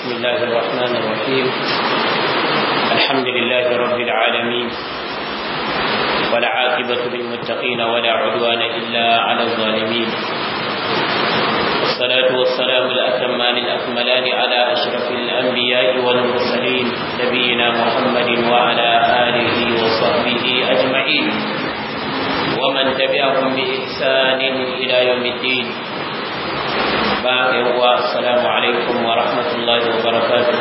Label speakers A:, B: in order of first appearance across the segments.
A: بسم الله الرحمن الرحيم الحمد لله رب العالمين عاقبة للمتقين ولا عدوان إلا على الظالمين والصلاة والسلام الأتمان الأكملان على أشرف الأنبياء والمرسلين نبينا محمد وعلى آله وصحبه أجمعين ومن تبعهم بإحسان إلى يوم الدين ba yawwa assalamu alaikum wa rahmatullahi wa barakatuh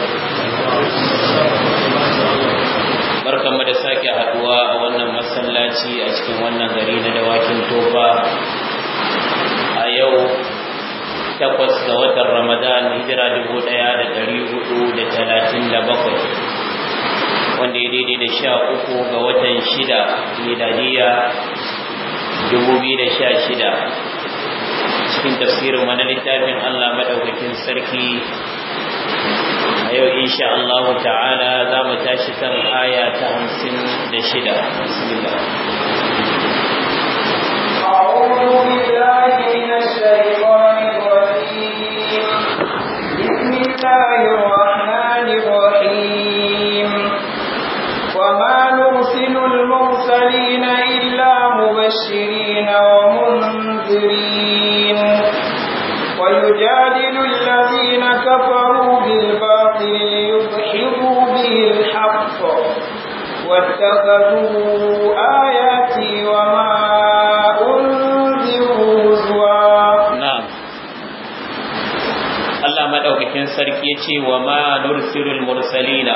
A: barkanmu da sake haduwa a wannan masallaci a cikin wannan gari na dawakin tofa a yau takwas ga watan ramadan hijira dubu ɗaya da dari hudu da talatin da bakwai wanda ya daidai da sha uku ga watan shida miladiya dubu biyu da sha shida cikin tafsirin wani littafin Allah madaukakin sarki a yau insha Allah ta'ala za mu tashi kan aya ta hamsin da shida bismillah
B: أعوذ بالله من الشيطان الرجيم بسم وما نرسل المرسلين إلا مبشرين ومنذرين يجادل الذين كفروا بالباطل ليضحكوا به الحق واتخذوا آياتي وما
A: madaukakin sarki ya ce wa ma nursirul mursalina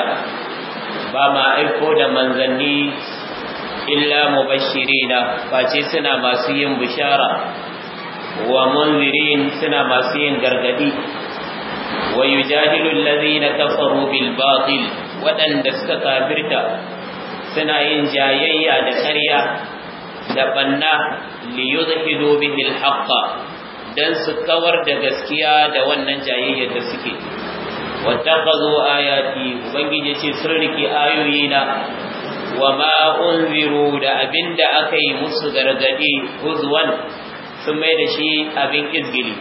A: ba ma aiko da manzanni illa mubashirina ba ce suna masu yin bishara wa munzirin suna masu yin gargadi wa yujadilu allazina kafaru bil batil wadanda suka kafirta suna yin jayayya da ƙarya da banna li yuzhidu bihi al haqqa dan su kawar da gaskiya da wannan jayayyar da suke wattaqazu ayati ubangiji ce sun riki ayoyina wa ma unziru da abinda aka yi musu gargadi uzwan sun mai da shi abin izgili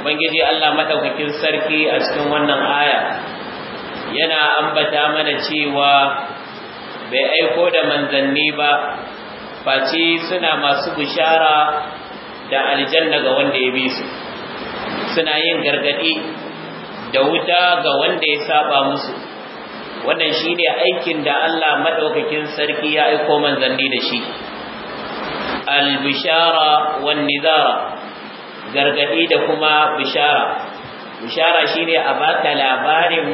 A: ubangiji Allah madaukakin sarki a cikin wannan aya yana ambata mana cewa bai aiko da manzanni ba face suna masu bishara da aljanna ga wanda ya bi su suna yin gargadi da wuta ga wanda ya saba musu wannan shine aikin da Allah madaukakin sarki ya aiko manzanni da shi al-bishara wan nidara gargadi da kuma bishara bishara shine a baka labarin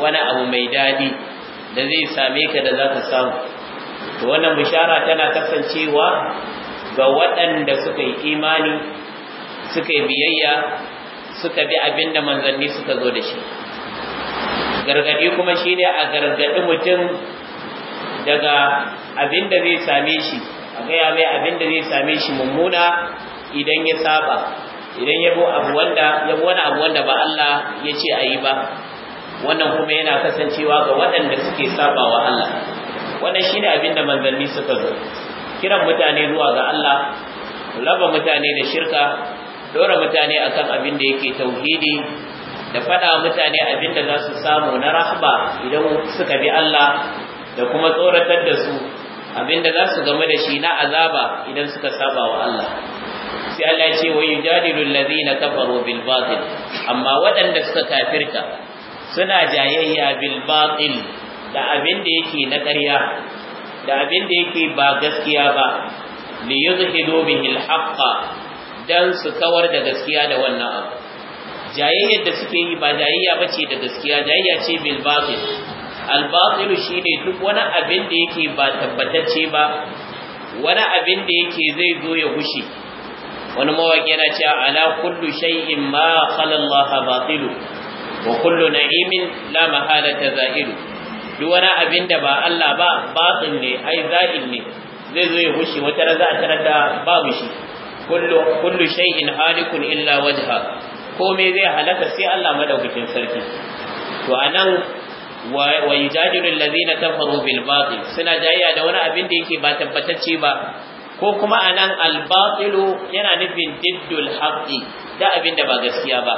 A: wani abu mai dadi da zai same ka da zaka samu to wannan bishara tana kasancewa ga waɗanda suka yi imani suka yi biyayya suka bi abinda manzanni suka zo da shi gargadi kuma shine a gargadi mutum daga abinda zai same shi a gaya mai abin da zai same shi mummuna idan ya saba idan ya abu wanda ya wani abu wanda ba Allah ya ce a yi ba wannan kuma yana kasancewa ga waɗanda suke saba wa Allah wannan shine abin da manzanni suka zo kiran mutane zuwa ga Allah raba mutane da shirka dora mutane akan abin da yake tauhidi da faɗa mutane abin da za su samu na rahba idan suka bi Allah da kuma tsoratar da su abinda za su game da shi na azaba idan suka saba wa Allah sai Allah ce wa yujadilu allazina kafaru bil batil amma waɗanda suka kafirta suna jayayya bil batil da abinda yake na ƙarya da abinda yake ba gaskiya ba li yuzhidu bihi al haqqa dan su kawar da gaskiya da wannan abu jayayyar da suke yi ba jayayya bace da gaskiya jayayya ce bil batil shi ne duk wani abin da yake ba tabbatacce ba wani abin da yake zai zo ya gushe wani mawaki yana cewa ala kullu shay'in ma khala Allah batilu wa kullu na'imin la ta zahiru duk wani abin da ba Allah ba batil ne ai zahir ne zai zo ya gushe wata raza a tarar da babu shi kullu kullu shay'in halikun illa wajha komai zai halaka sai Allah madaukakin sarki to anan wa yujadilu allazina kafaru bil batil suna jayya da wani abin da yake ba tabbatacce ba ko kuma anan al batilu yana nufin diddul haqqi da abin da ba gaskiya ba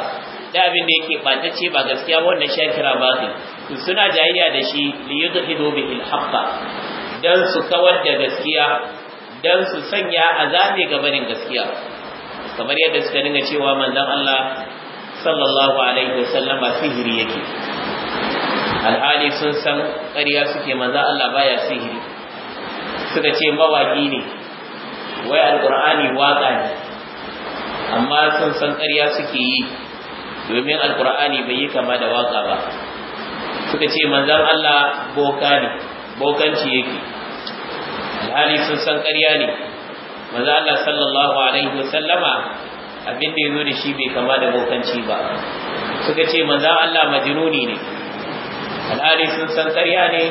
A: da abin da yake batacce ba gaskiya ba wannan shakira batil to suna jayya da shi li yudhidu bihi al haqqa dan su kawar da gaskiya dan su sanya azabe gabanin gaskiya kamar yadda suka dinga cewa manzon Allah sallallahu alaihi wasallama sihiri yake alhali sun san ƙarya suke manzan Allah baya sihiri suka ce mawaƙi ne wai alƙur'ani waƙa ne amma sun san ƙarya suke yi domin alƙur'ani bai yi kama da waƙa ba suka ce manzan Allah boka ne bokanci yake alhali sun san ƙarya ne manzan Allah sallallahu alaihi wasallama abin da ya zo da shi bai kama da bokanci ba suka ce manzan Allah majinuni ne Al'adu sun san ƙarya ne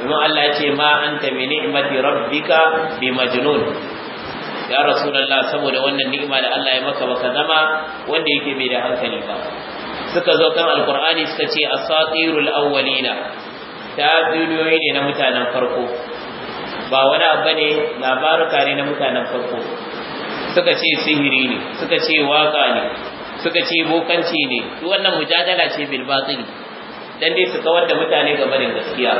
A: domin Allah ce ma anta bi ni'mati rabbika bi majnun ya rasu rasulullah saboda wannan ni'ima da Allah ya maka baka zama wanda yake bai da hankali ba suka zo kan alqur'ani suka ce asatirul awwalina ta duniyoyi ne na mutanen farko ba wani abu ne labaruka ne na mutanen farko suka ce sihiri ne suka ce waka ne suka ce bokanci ne duk wannan mujadala ce bil batili dan dai su kawar da mutane ga barin gaskiya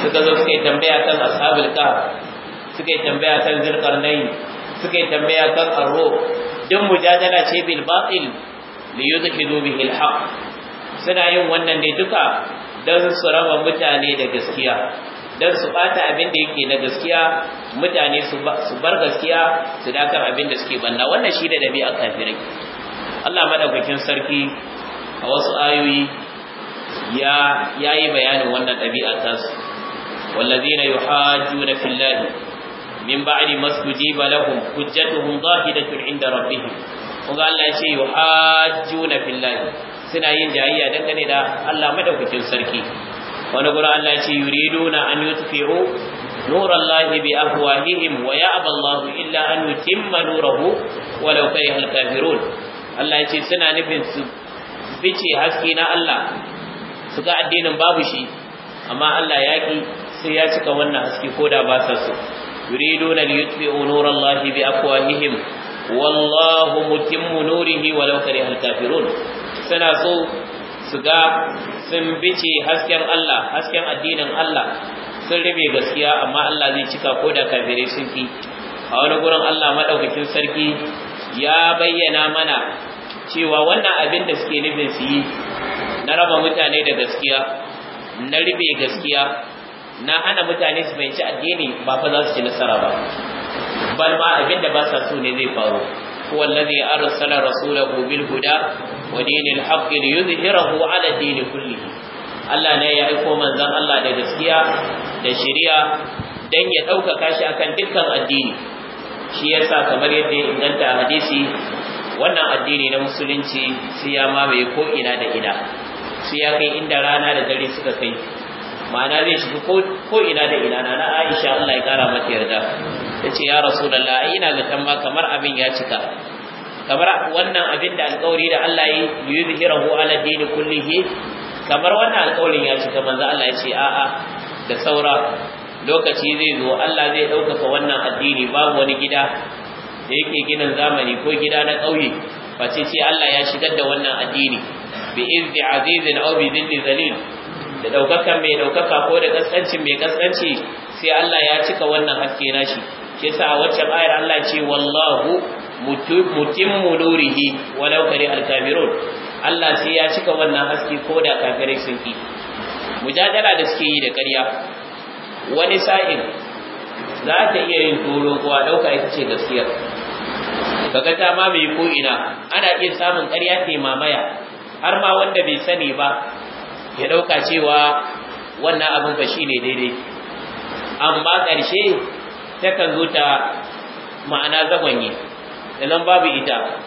A: suka zo suka yi tambaya kan ashabul ka suka yi tambaya kan zirqarnain suka yi tambaya kan arro duk mujadala ce bil batil li yudhidu bihi al haqq suna yin wannan dai duka dan su raba mutane da gaskiya dan su bata abin da yake na gaskiya mutane su bar gaskiya su dakar abin da suke banna wannan shi da dabi'a kafirai Allah madaukakin sarki a wasu ayoyi ya yi bayanin wannan ɗabi'a ta su wallazi na yi hajju na fillahi min ba a ne masu guji ba lahun hujjatuhun zafi da turin da rabbihi kun Allah ce yi hajju na suna yin jayayya dangane da Allah madaukakin sarki wani gura Allah ya ce yuri duna an yi tufiro nura Allah bi afuwahihim wa ya aba Allah illa an yutimma nurahu wa laukai halkafirun Allah ce suna nufin su fice haske na Allah su ga addinin babu shi amma Allah ya ki sai ya cika wannan haske ko da ba sa so yuriduna liyutfi'u nurallahi bi afwahihim wallahu mutimmu nurihi walau al kafirun suna so su ga sun bice hasken Allah hasken addinin Allah sun rabe gaskiya amma Allah zai cika ko da kafirai sun fi a wani gurin Allah madaukakin sarki ya bayyana mana cewa wannan abin da suke nufin su yi na raba mutane da gaskiya na ribe gaskiya na hana mutane su fahimci addini ba fa za su ci nasara ba bal ma abinda ba sa so ne zai faru huwa allazi arsala rasulahu bil huda wa dinil haqqi liyuzhirahu ala dini kullihi Allah ne ya aiko manzon Allah da gaskiya da shari'a dan ya ɗaukaka shi akan dukkan addini shi yasa kamar yadda ya inganta hadisi wannan addini na musulunci sai ya mamaye ko ina da ina sai ya kai inda rana da dare suka kai ma'ana zai shiga ko ina da ina na Aisha Allah ya kara mata yarda Ta ce ya rasu, ai ina da tamba. kamar abin ya cika kamar wannan abin da alƙawari da Allah ya yi yuzhirahu ala dini kullihi kamar wannan alƙawarin ya cika manzo Allah ya ce a'a da saura lokaci zai zo Allah zai ɗaukaka wannan addini babu wani gida da yake ginin zamani ko gida na ƙauye face sai Allah ya shigar da wannan addini bi izzi azizin aw bi da daukaka mai daukaka ko da kaskancin mai kaskanci sai Allah ya cika wannan hakke na shi shi yasa a wacce ayar Allah ce wallahu mutimmu nurihi walau kari al Allah sai ya cika wannan haske ko da kafirai sun ki mujadala da suke yi da ƙarya wani sa'in za ta iya yin turo a ɗauka ita ce gaskiyar kaga ta mamaye ko ina ana iya samun ƙarya ta mamaya har ma wanda bai sani ba ya ɗauka cewa wannan abin shi ne daidai amma ƙarshe takan zo ta ma'ana zagonye nan babu ita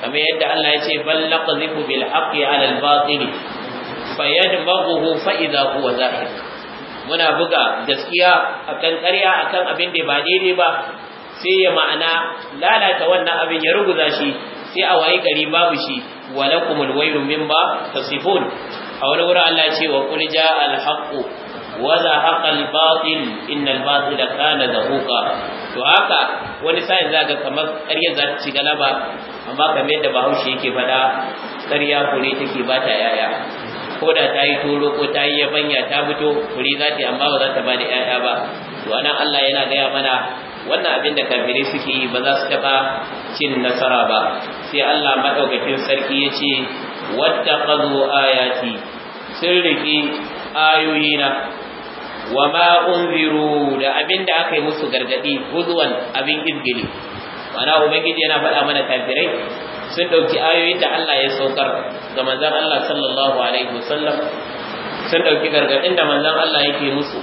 A: kamar yadda Allah ya ce bal naqzifu bil haqqi ala al batil yadmaghu fa idha huwa zahir muna buga gaskiya akan ƙarya akan abin da ba daidai ba sai ya ma'ana lalata wannan abin ya ruguza shi sai a waye gari babu shi wa lakumul ba, mimma tasifun a wani wurin Allah ce wa qul jaa al haqq wa zahaqa al batil innal batila kana zahuqa to haka wani sa'in zaka kamar ƙarya za ta ci galaba amma kamar yadda Bahaushe yake faɗa ƙarya kure take ba ta yaya ko da ta yi toro ko ta yi yabanya ta fito kure za ta amma ba za ta ba da yaya ba to anan Allah yana gaya mana wannan abin da kafirai suke yi ba za su taɓa cin nasara ba sai Allah madaukakin sarki ya ce wadda qazu ayati sun riƙi ayoyina wa ma unziru da abin da aka yi musu gargadi huzwan abin izgili mana ubangiji yana faɗa mana kafirai sun ɗauki ayoyin da Allah ya saukar ga manzon Allah sallallahu alaihi wasallam sun ɗauki gargadin da manzon Allah yake musu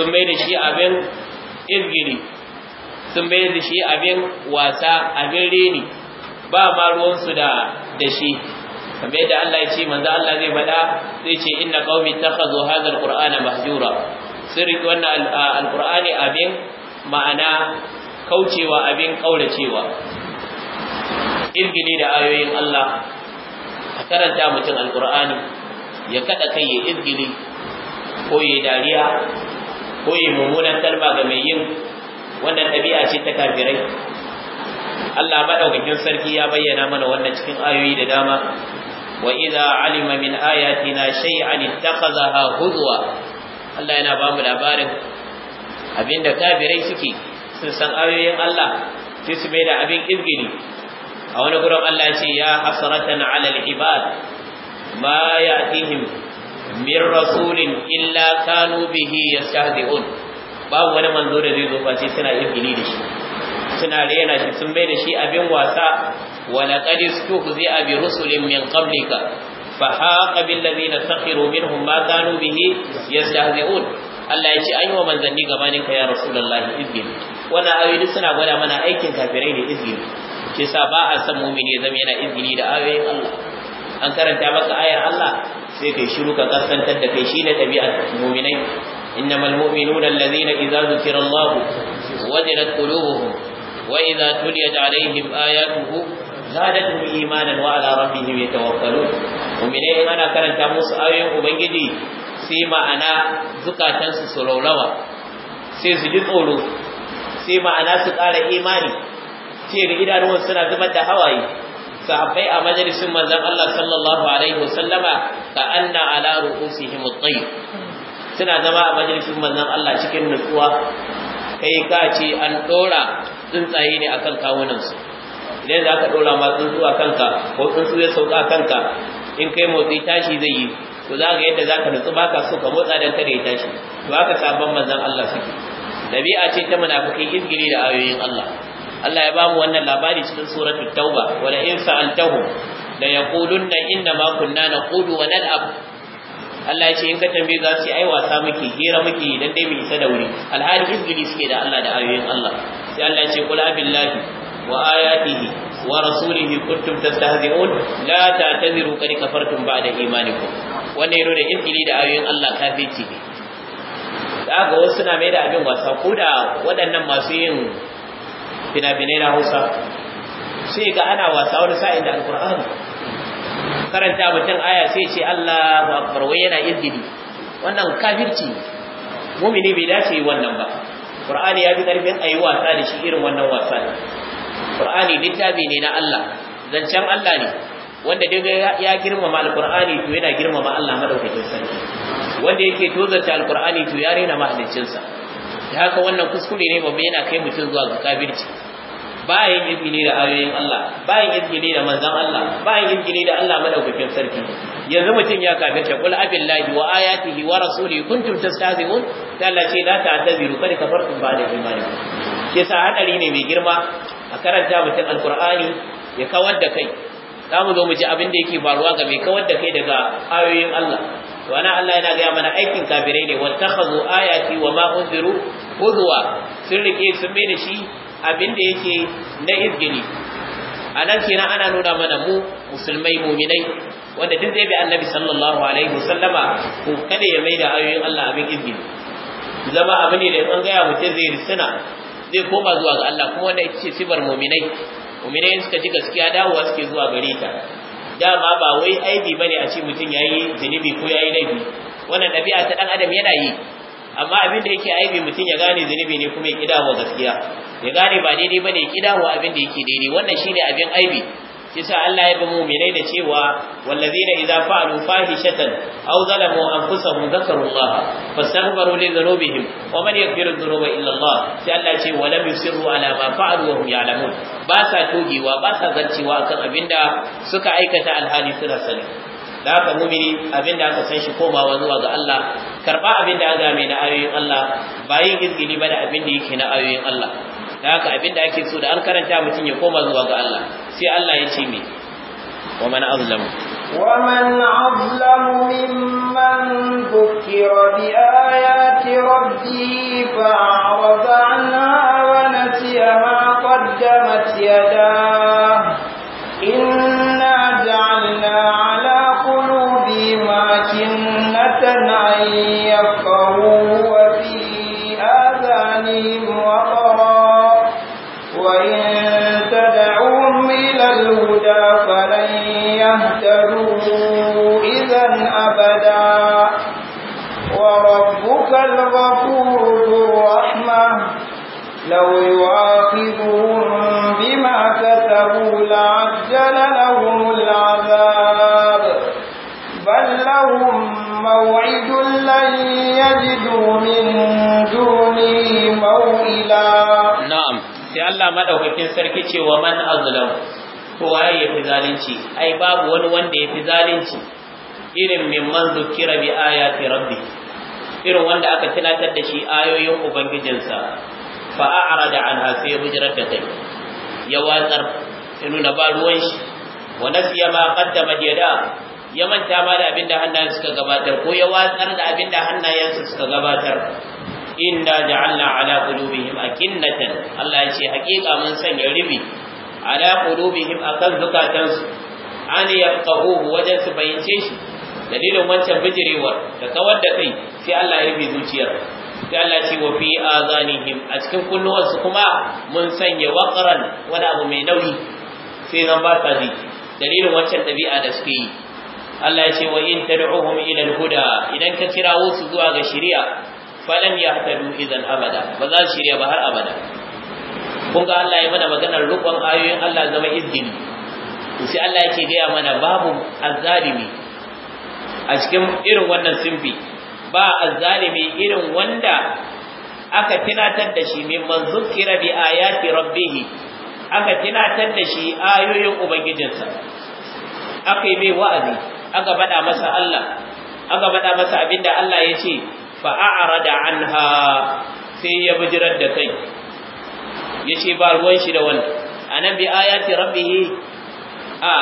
A: sun mai da shi abin izgili sun mayar da shi abin wasa abin reni ba ma ruwansu da da shi kamar yadda Allah ya ce manzo Allah zai faɗa zai ce inna qaumi takhazu hadha alqur'ana mahjura sun riƙe wannan alqur'ani abin ma'ana kaucewa abin kauracewa izgili da ayoyin Allah a karanta mutum alkur'ani ya kada kai ya izgili ko ya dariya ko ya mummunan kalma game ce ta kafirai Allah madaukakin sarki ya bayyana mana wannan cikin ayoyi da dama wa idza alima min ayatina shay'an ittakhadhaha huzwa Allah yana ba mu labarin abinda kafirai suke sun san ayoyin Allah sai su da abin izgini a wani gurin Allah ce ya hasratan ala al-ibad ma ya'tihim min rasulin illa kanu bihi yastahzi'un babu wani manzo da zai zo face suna izgili da shi suna rena shi sun mai da shi abin wasa wa laqad istuhzi'a bi rusulin min qablika fa haqa bil ladina sakhiru minhum ma kanu bihi yastahzi'un Allah ya ce an yi wa manzanni gabanin ka ya rasulullahi izgili wannan ayoyi suna gwada mana aikin kafirai ne izgili ke sa ba a san mumini ya zama yana izgili da ayoyin Allah an karanta maka ayar Allah sai kai shiru ka kasantar da kai shi ne ɗabi'ar muminai إنما المؤمنون الذين إذا ذكر الله وجلت قلوبهم وإذا تليت عليهم آياته زادتهم إيمانا وعلى ربهم يتوكلون ومن أين أنا كانت موسى آية وبنجدي سيما أنا زكاة سلولوا سيسجد أولو سيما أنا سكال إيماني سير إلى نوان سنة زمد هواي sahabbai a majalisin manzon Allah sallallahu alaihi wasallama ka anna ala ru'usihim at-tayyib suna zama a majalisun manzan Allah cikin nutsuwa kai ka ce an dora tsuntsaye ne akan kawunansu idan za ka dora ma tsuntsu a kanka ko tsuntsu ya sauka kanka in kai motsi tashi zai yi to za ga yadda za ka nutsu ba ka so ka motsa don kada ya tashi to haka sabon manzan Allah suke dabi'a ce ta munafikai izgiri da ayoyin Allah Allah ya ba mu wannan labari cikin suratul tauba wala in sa'altahu la yaqulunna inna ma kunna naqulu wa nal'ab Allah ya ce in ka tambaye za su ai wasa muke hira muke dan dai mu isa da wuri alhali izgili suke da Allah da ayoyin Allah sai Allah ya ce qul billahi wa ayatihi wa rasulihi kuntum tastahzi'un la ta'tadiru qad kafartum ba'da imanikum wannan yana da izgili da ayoyin Allah kafirci ne da ga wasu na mai da abin wasa ko da waɗannan masu yin fina-finai na Hausa sai ga ana wasa wani sa'in da alkur'ani karanta mutum aya sai ce Allah akbar wai yana izgidi wannan kafirci mu'mini bai dace wannan ba Qur'ani ya fi karfin ayi wasa da shi irin wannan wasa ne Qur'ani littafi ne na Allah zancen Allah ne wanda duk ya girmama alqur'ani to yana girmama Allah madaukakin sarki wanda yake tozarta alqur'ani to ya rena mahaliccinsa da haka wannan kuskure ne babba yana kai mutum zuwa ga kafirci bayan izgili da ayoyin Allah bayan izgili da manzon Allah bayan izgili da Allah madaukakin sarki yanzu mutum ya kafirce qul abillahi wa ayatihi wa rasulihi kuntum tastahzi'un ta Allah ce la ta'taziru kad kafartum ba'da imanikum ke sa hadari ne mai girma a karanta mutum alqur'ani ya kawar da kai za mu zo mu ji abin da yake faruwa ga mai kawar da kai daga ayoyin Allah wana Allah yana gaya mana aikin kafirai ne wattakhazu ayati wa ma unziru hudwa sun rike sun mai da shi abin da yake na izgini a nan kenan ana nuna mana mu musulmai muminai wanda duk zai bi annabi sallallahu alaihi wasallama ko kada ya mai da ayoyin Allah abin izgini zama abu ne da an gaya mutum zai risina zai koma zuwa ga Allah kuma wanda ita ce sibar muminai muminai suka ji gaskiya dawowa suke zuwa gare ta dama ba wai aibi bane a ce mutum yayi zinubi ko yayi laifi wannan ɗabi'a ta dan adam yana yi amma abin da yake aibi mutum ya gane zunubi ne kuma ya wa gaskiya ya gane ba daidai bane ya wa abin da yake daidai wannan shine abin aibi kisa Allah ya ba mu'minai da cewa wallazina idza fa'alu fahishatan aw zalamu anfusahum dhakarullah fastaghfiru li dhunubihim wa man yaghfiru dhunuba illa Allah sai Allah ce wa lam yusirru ala ma fa'alu wa hum ya'lamun ba sa togewa ba sa zarcewa akan abinda suka aikata alhali suna sani da haka mumini abin da aka san shi komawa zuwa ga Allah karba abin da aka mai na ayoyin Allah ba yin izgili ba da abin da yake na ayoyin Allah da haka abin da ake so da an karanta mutum ya koma zuwa ga Allah sai Allah ya ce me wa man azlamu ya
B: أظلم ممن ذكر بآيات ربه فأعرض عنها ونسي ما قدمت يداه
A: Allah madaukakin sarki ce wa man azlam kowa ya fi zalunci ai babu wani wanda ya fi zalunci irin man zukira bi ayati rabbi irin wanda aka tunatar da shi ayoyin ubangijinsa fa a'rada an sai ya da kai ya watsar ya nuna ba ruwan shi wa nasiya ma qaddama yada ya manta ma da abinda hannayen suka gabatar ko ya watsar da abinda hannayensa suka gabatar inna ja'alna ala qulubihim akinnatan Allah ya ce hakika mun sanya ribi ala qulubihim akan zukatansu an yafqahu wajen su bayyance shi dalilin wancan bijirewar da kawar da kai sai Allah ya rufe zuciyar sai Allah ce wa fi azanihim a cikin kunnuwansu kuma mun sanya waqran wani abu mai nauyi sai zan ba ta ji dalilin wancan dabi'a da suke yi Allah ya ce wa in tad'uhum ila al-huda idan ka kirawo su zuwa ga shari'a falam yahtadu idan abada ba za su shirya ba har abada kun ga Allah ya mana maganar rukun ayoyin Allah zama izini to sai Allah yake gaya mana babu azzalimi a cikin irin wannan sinfi ba azzalimi irin wanda aka tunatar da shi mimman zukira bi ayati rabbih aka tunatar da shi ayoyin ubangijinsa aka yi mai wa'azi aka bada masa Allah aka bada masa abinda Allah ya ce fa'arada anha sai ya bijirar da kai yace ba ruwan shi da wannan anan bi ayati rabbih a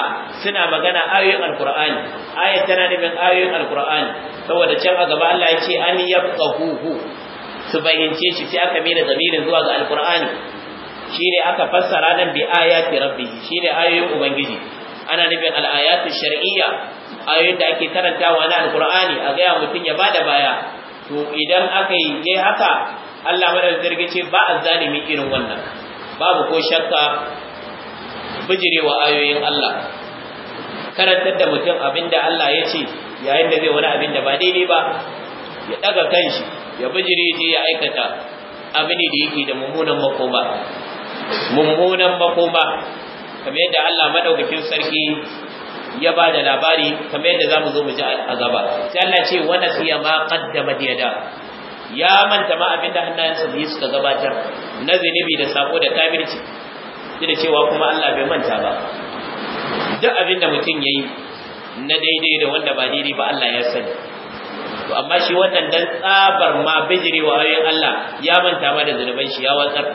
A: suna magana ayoyin alqur'ani ayat tana nufin ayoyin alqur'ani saboda can a gaba Allah yace an yafqahu su bayyance shi sai aka mai da zamirin zuwa ga alqur'ani shine aka fassara nan bi ayati rabbih shine ayoyin ubangiji ana nufin al shar'iyya ayoyin da ake karantawa na alqur'ani a ga mutum ya bada baya to idan aka yi ne haka Allah madar zargi ce ba a zalimi irin wannan babu ko shakka bijirewa ayoyin Allah karantar da mutum abinda Allah ya ce yayin da zai wani abin da ba daidai ba ya daga kanshi ya bijire je ya aikata abin da yake da mummunan makoma mummunan makoma kamar yadda Allah madaukakin sarki ya ba da labari kamar yadda za mu zo mu ji a gaba sai Allah ce wa nasiya ma qaddama yada ya manta ma abinda hannayensa biyu suka gabatar na zinubi da sako da kafirci da cewa kuma Allah bai manta ba duk abinda mutum yayi na daidai da wanda ba daidai ba Allah ya sani to amma shi wannan dan tsabar ma bijiri wa ayoyin Allah ya manta ma da zunuban shi ya watsar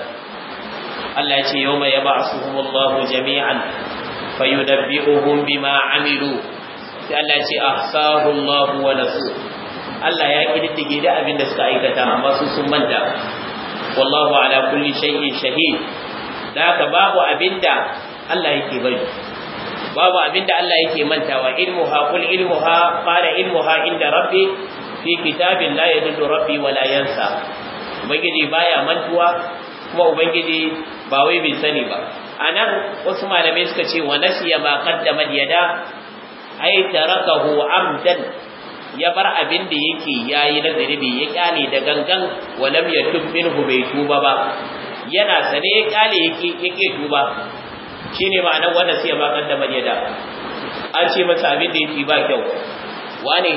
A: Allah ya ce yawma yab'asuhumullahu jami'an fayunabbi'uhum bima amilu sai Allah ce a ahsahu Allah wa nasu Allah ya kididdige da abin da suka aikata amma su sun manta wallahu ala kulli shay'in shahid da ka babu da Allah yake bari babu abin da Allah yake mantawa ilmu ha, fara ilmu ha, inda rabbi fi kitabin la yadullu rabbi wa la yansa ubangiji baya mantuwa kuma ubangiji ba wai bai sani ba anan wasu malamai suka ce wa nasiya ma qaddama yada ay tarakahu amdan ya bar abin da yake yayi na zanibi ya kyale da gangan lam yatub minhu bai tuba ba yana sane ya kyale yake yake tuba shine ma'anar wanda sai ba kan da maryada an ce masa abin da yake ba kyau wane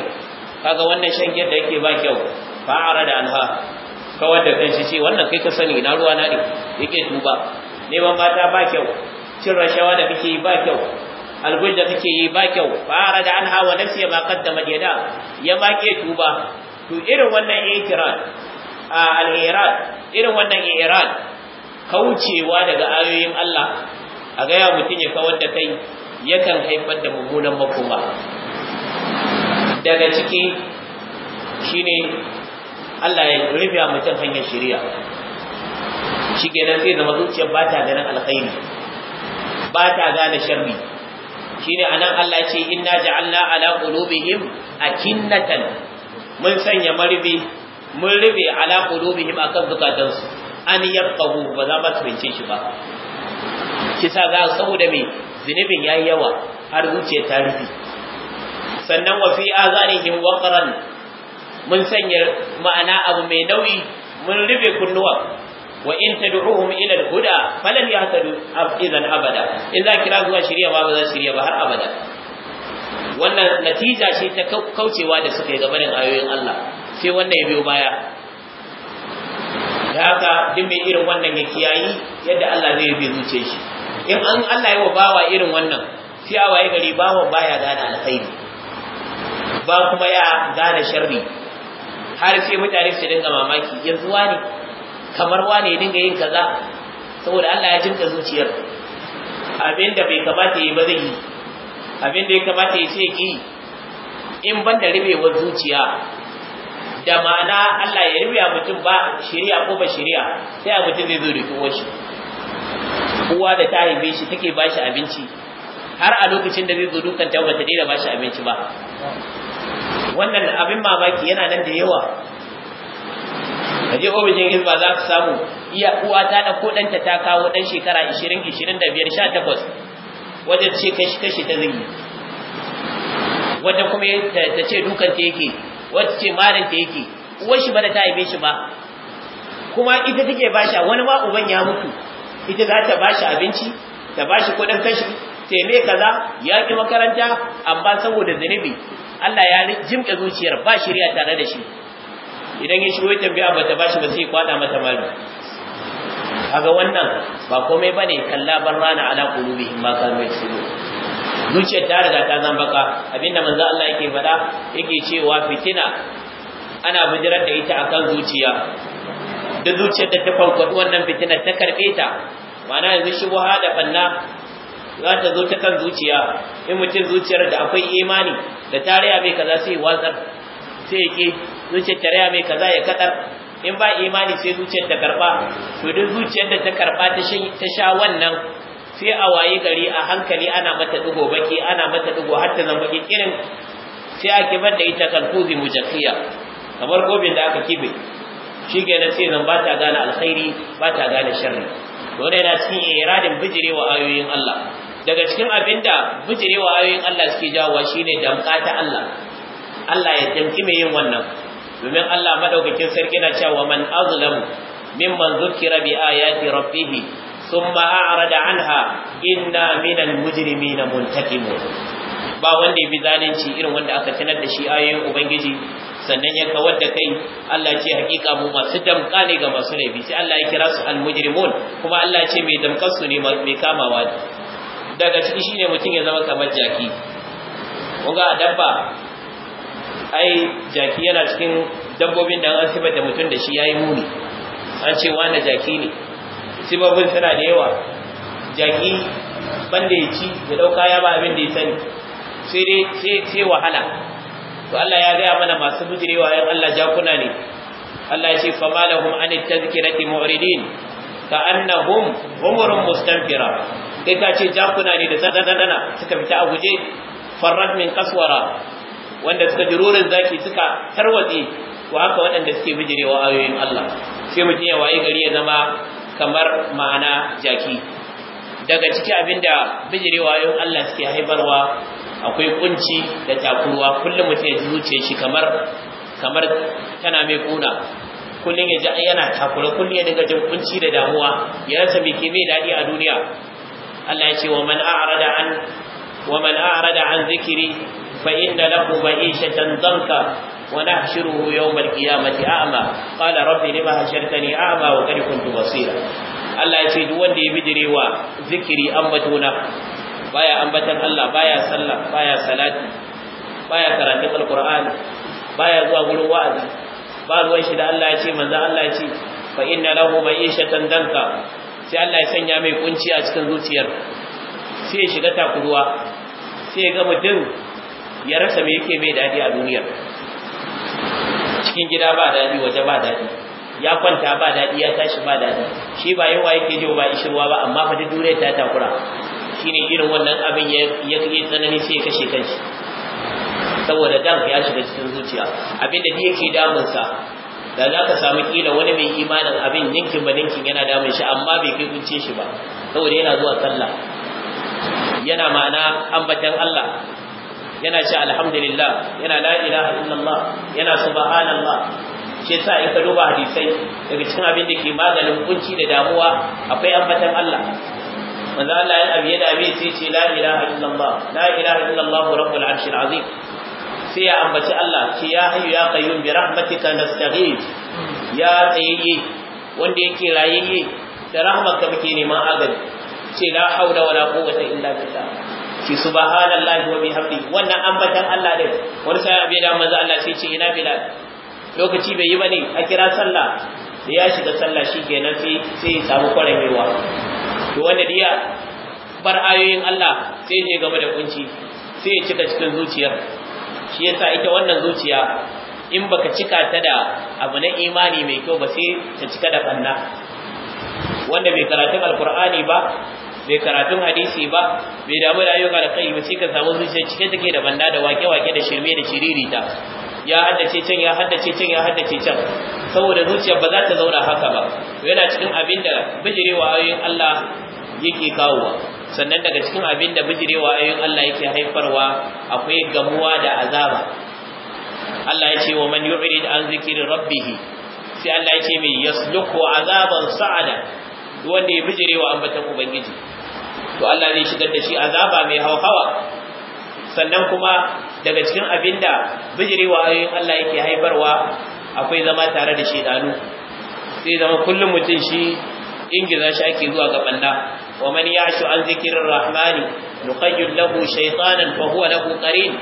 A: kaga wannan shangen da yake ba kyau fa da anha kawar da kanshi ce wannan kai ka sani ina ruwa na ne yake tuba neman mata ba kyau cin rashawa da kake yi ba kyau alguj da kake yi ba kyau fara da anha wa nafsi ma qaddama yada ya ma tuba to irin wannan ikrar al-irad irin wannan irad kaucewa daga ayoyin Allah a ga ya mutun ya kawar da kai yakan haifar da mummunan makoma daga ciki shine Allah ya rufe mutum hanyar shari'a shi kenan sai zama zuciyar ba ta ganin alkhairi ba ta gane sharri shine anan Allah ce inna ja'alna ala qulubihim akinnatan mun sanya marbi mun rufe ala qulubihim akan zukatansu an yafqahu ba za ba su bince shi ba kisa ga saboda me zinubin yayi yawa har zuciya ta rufe sannan wa fi azanihim waqran mun sanya ma'ana abu mai nauyi mun rufe kunnuwa wa in tad'uhum ila al-huda falan yahtadu idan abada in za kira zuwa shirya ba ba za shirya ba har abada wannan natija ce ta kaucewa da suka yi gabanin ayoyin Allah sai wannan ya biyo baya da haka duk mai irin wannan ya kiyayi yadda Allah zai bi zuce shi in an Allah ya wa bawa irin wannan sai a waye gari bawa baya gane alkhairi ba kuma ya gane sharri har sai mutane su dinga mamaki yanzu wani kamar wane dinga yin kaza saboda Allah ya jinka zuciyar abin da bai kamata yi ba zai yi abin da ya kamata ya ce ki in ban da ribewar zuciya da ma'ana Allah ya ribe mutum ba shari'a ko ba shari'a sai a mutum zai zo da kowa shi uwa da ta haife shi take ba shi abinci har a lokacin da zai zo dukan ta ba ta daina ba shi abinci ba wannan abin mamaki yana nan da yawa ka je ofishin hizba za ka samu iya uwa ta da ko ɗanta ta kawo ɗan shekara 20 25 18 wadda ce kashi kashi ta zai wadda kuma ta ce dukan ta yake wadda ce marin ta yake uwar shi ba ta haife shi ba kuma ita take bashi wani ma uban ya mutu ita za ta bashi abinci ta bashi kuɗin kashi mai kaza ya ki makaranta amma saboda zunubi Allah ya jimƙe zuciyar ba shirya tare da shi idan ya shigo tambaya ba ta bashi ba sai kwada mata mali kaga wannan ba komai bane kalla barrana ala qulubihim ma mai yasiru zuciyar ta riga ta zan baka abinda manzo Allah yake fada yake cewa fitina ana bijirar da ita akan zuciya da zuciyar da ta kwankwaɗi wannan fitina ta karɓe ta ma'ana yanzu buha da banna za ta zo ta kan zuciya in mutum zuciyar da akwai imani da tarayya mai kaza sai watsar sai ya ke zuciyar ta raya mai kaza ya kadar in ba imani sai zuciyar ta karba to duk zuciyar da ta karba ta sha wannan sai a waye gari a hankali ana mata dugo baki ana mata dugo har ta zama kirin sai a kibar da ita kuzi mujakhiya kamar gobin da aka kibe shi kenan sai zan ba ta gane alkhairi ba ta gane sharri to yana cikin iradin wa ayoyin Allah daga cikin abinda wa ayoyin Allah suke jawowa shine damka ta Allah Allah ya tamki mai yin wannan domin Allah madaukakin sarki na cewa man azlam mimman zukira bi ayati rabbih thumma a'rada anha inna minal mujrimina muntakimun ba wanda ya bi zalunci irin wanda aka sanar da shi ayoyin ubangiji sannan ya kawar kai Allah ce hakika mu masu damka ne ga masu laifi sai Allah ya kira su al-mujrimun kuma Allah ce mai damkar su ne mai kamawa daga ciki shine mutum ya zama kamar jaki kun ga dabba ai jaki yana cikin dabbobin da an sifar da mutum da shi ya yi muni an ce wanda jaki ne sibabin suna da yawa jaki banda ya ci ya dauka ya ba abin da ya sani sai dai sai sai wahala to Allah ya gaya mana masu bujirewa yan Allah jakuna ne Allah ya ce fa malahum an tadhkirati mu'ridin ka annahum umurun mustanfira kai ka ce jakuna ne da zadadana suka fita a guje farrad min kaswara wanda suka ji rorin zaki suka tarwatse to haka waɗanda suke bijirewa ayoyin Allah sai mutum ya wayi gari ya zama kamar ma'ana jaki daga ciki abinda bijirewa ayoyin Allah suke haifarwa akwai kunci da takurwa kullum mutum ya zuce shi kamar kamar tana mai kuna kullum ya ji yana takura kullum ya dinga jin kunci da damuwa ya rasa me ke mai daɗi a duniya Allah ya ce wa man a'rada an wa man a'rada an zikiri فإن له معيشة ضنكا ونحشره يوم القيامة أعمى قال رب لم حشرتني أعمى وقد كنت بصيرا Allah ya ce duk wanda ya bidirewa zikiri ambatona baya ambatan Allah baya sallah baya salati baya karatun alqur'ani baya zuwa gurin wa'azi ba ruwan shi da Allah ya ce manzo Allah ya ce fa inna sai Allah ya sanya mai kunci a cikin zuciyar sai ya shiga takuruwa sai ya ga mutum ya rasa me yake mai dadi a duniyar cikin gida ba dadi waje ba dadi ya kwanta ba dadi ya tashi ba dadi shi ba yawa yake jiwa ba ishirwa ba amma fa duniyar ta takura shine irin wannan abin ya yi tsanani sai ya kashe kanshi saboda Dan ya shiga cikin zuciya abin da yake damunsa da za ka samu kila wani mai imanin abin ninkin ba ninkin yana damun shi amma bai kai kunce shi ba saboda yana zuwa sallah yana ma'ana ambatan Allah yana ce alhamdulillah yana la ilaha illallah yana subhanallah shi yasa in ka duba hadisai daga cikin abin da ke maganin kunci da damuwa akwai ambatan Allah manzo Allah ya abiye da abiye sai ce la ilaha illallah la ilaha illallah rabbul arshil azim sai ya ambaci Allah ce ya hayyu ya qayyum bi rahmatika nastaghith ya tsayayye wanda yake rayayye da rahmatka muke neman agaji ce la haula wala quwwata illa billah ce subhanallahi wa bihamdi wannan ambatan Allah ne wani sai abin da manzo Allah sai ce ina bilal lokaci bai yi bane a kira sallah da ya shiga sallah shikenan sai sai ya samu kwarewa to wanda diya bar ayoyin Allah sai ya gaba da kunci sai ya cika cikin zuciyar shi yasa ita wannan zuciya in baka cika ta da abu na imani mai kyau ba sai ta cika da banna wanda bai karatun alkur'ani ba bai karatun hadisi ba bai damu da ayyuka da kai ba sai ka samu zuciya cike take da banda da wake-wake da shirme da shiririta ya haddace can ya haddace can ya haddace can saboda zuciya ba za ta zauna haka ba yana cikin abin da bijirewa ayoyin Allah yake kawowa sannan daga cikin abin da bijirewa ayoyin Allah yake haifarwa akwai gamuwa da azaba Allah ya ce wa man yu'rid an zikri rabbih sai Allah ya ce mai yasluku azaban sa'ada wanda ya bijirewa ambatan ubangiji to Allah zai shigar da shi azaba mai hauhawa sannan kuma daga cikin abinda bijirewa ayoyin Allah yake haifarwa akwai zama tare da shedanu sai zama kullum mutum shi ingiza shi ake zuwa ga ɓalla. wa man ya'shu an zikirin rahmani nuqayyid lahu shaytanan fa huwa lahu qarin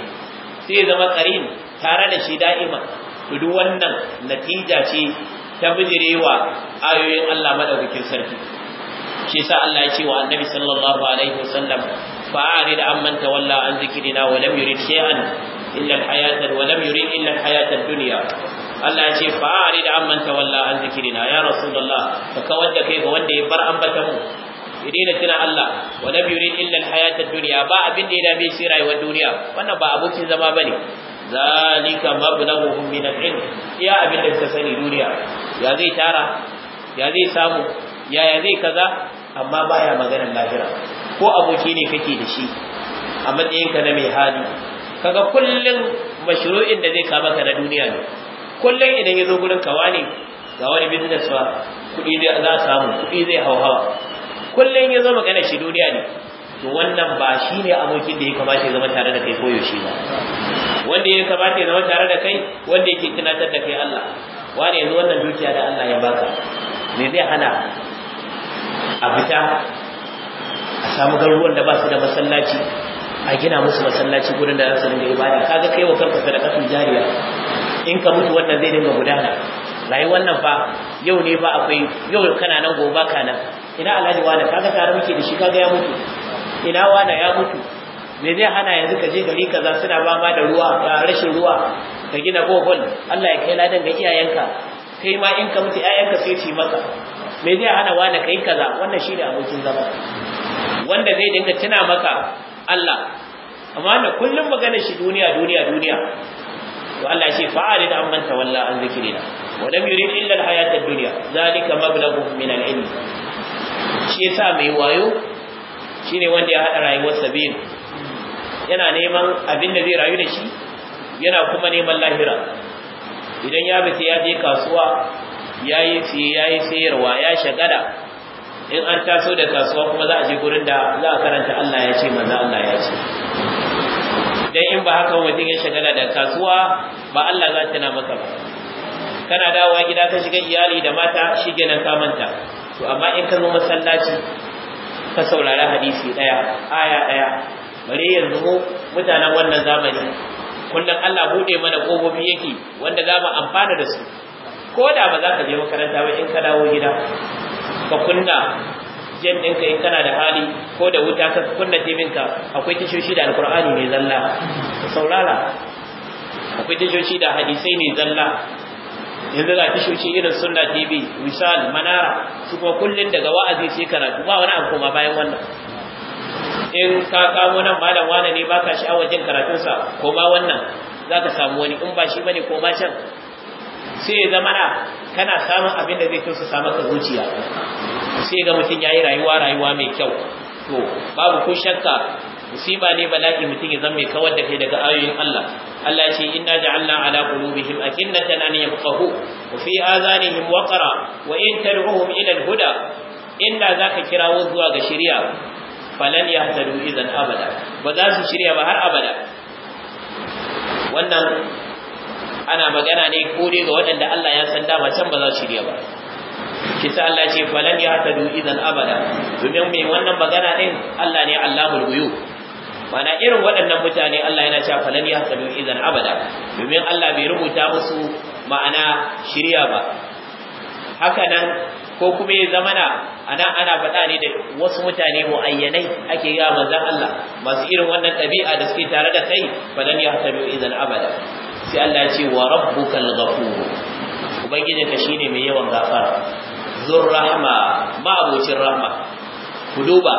A: sai zama qarin tare da shi da'ima to duk wannan natija ce ta bijirewa ayoyin Allah madaukakin sarki shi yasa Allah ya ce wa annabi sallallahu alaihi wasallam amman tawalla an zikrina wa lam yurid shay'an illa al wa lam yurid illa al ad-dunya Allah ya ce fa'arid amman tawalla an zikrina ya rasulullah ka da kai ga wanda ya bar ambata mu da tuna Allah wa lam yurid illa al ad-dunya ba abin da ya dame shi rayuwar duniya wannan ba abokin zama bane zalika mablaghuhum min al-ilm ya abin da suka sani duniya ya zai tara ya zai samu yaya zai kaza amma baya maganar lahira ko aboki ne kake da shi a matsayinka na mai hali kaga kullum mashru'in da zai kama ka na duniya ne kullum idan ya zo gurin kawa ne ga wani business ba kuɗi zai za a samu kuɗi zai hauhawa kullum ya zo magana shi duniya ne to wannan ba shi ne abokin da ya kamata ya zama tare da kai ko yaushe ba wanda ya kamata ya zama tare da kai wanda yake tunatar da kai Allah wani yanzu wannan dukiya da Allah ya baka me zai hana a fita a samu garuruwan da ba su da masallaci a gina musu masallaci gudun da za su dinga ibada kaga kai wa da sadaqatul jariya in ka mutu wannan zai dinga gudana rayuwar nan fa yau ne ba akwai yau kana nan gobe kana ina alhaji wani kaga tare muke da shi kaga ya mutu ina wani ya mutu me zai hana yanzu ka je gari kaza suna ma da ruwa ga rashin ruwa ka gina bohol Allah ya kai ladan ga iyayenka kai ma in ka mutu iyayenka sai ci maka me zai hana wani kai kaza wannan shi da abokin zama wanda zai dinga tuna maka Allah amma da kullum magana shi duniya duniya duniya to Allah shi fa'ali da amman tawalla an zikrina wa lam yurid illa al hayat ad dunya zalika mablaghu min al ilm shi yasa mai wayo shine wanda ya hada rayuwar sabil yana neman abin da zai rayu da shi yana kuma neman lahira idan ya bi ya je kasuwa yayi siye yayi sayarwa ya shagada in an taso da kasuwa kuma za a je gurin da za a karanta Allah ya ce maza Allah ya ce dan in ba haka mutum ya shagada da kasuwa ba Allah za ta na maka ba kana dawowa gida ka shiga iyali da mata shigenan nan manta to amma in ka zo masallaci ka saurari hadisi daya aya daya bare yanzu mu mutanen wannan zamani kullum Allah bude mana kofofi yake wanda za mu amfana da su ko da ba za ka je makaranta ba in ka dawo gida ka kunna jan ɗinka in kana da hali ko da wuta ka kunna tebinka akwai tashoshi da alkur'ani mai zalla ka saurara akwai tashoshi da hadisai mai zalla yanzu ga tashoshi irin sunna tv misal manara su kuma kullum daga wa'azi sai karatu ba wani abu kuma bayan wannan in ka kamo nan malam wane ne baka sha'awar jin karatunsa ko ba wannan za ka samu wani in ba shi bane ko ba can sai ya zama na kana samun abin da zai kyau su samu ka zuciya sai ga mutum ya yi rayuwa rayuwa mai kyau to babu ko shakka musiba ne bala'i mutum ya zama mai kawar da kai daga ayoyin Allah Allah ya ce inna ja'alna ala qulubihim akinnatan an yafqahu wa fi adhanihim waqra wa in tad'uhum ila al-huda inda zaka kirawo zuwa ga shari'a falan yahtadu idan abada ba za su shirya ba har abada wannan ana magana ne ko dai ga waɗanda Allah ya san dama can ba za su shirya ba kisa Allah ce falan ya tadu idan abada domin mai wannan magana din Allah ne Allahul ghuyub mana irin waɗannan mutane Allah yana cewa falan ya tadu idan abada domin Allah bai rubuta musu ma'ana shirya ba haka nan ko kuma ya zamana ana ana faɗa ne da wasu mutane muayyanai ake ga manzon Allah masu irin wannan ɗabi'a da suke tare da kai falan ya tadu idan abada sai Allah ce wa rabbukal ghafur ka shine mai yawan gafara zur rahma ba abucin rahma ku duba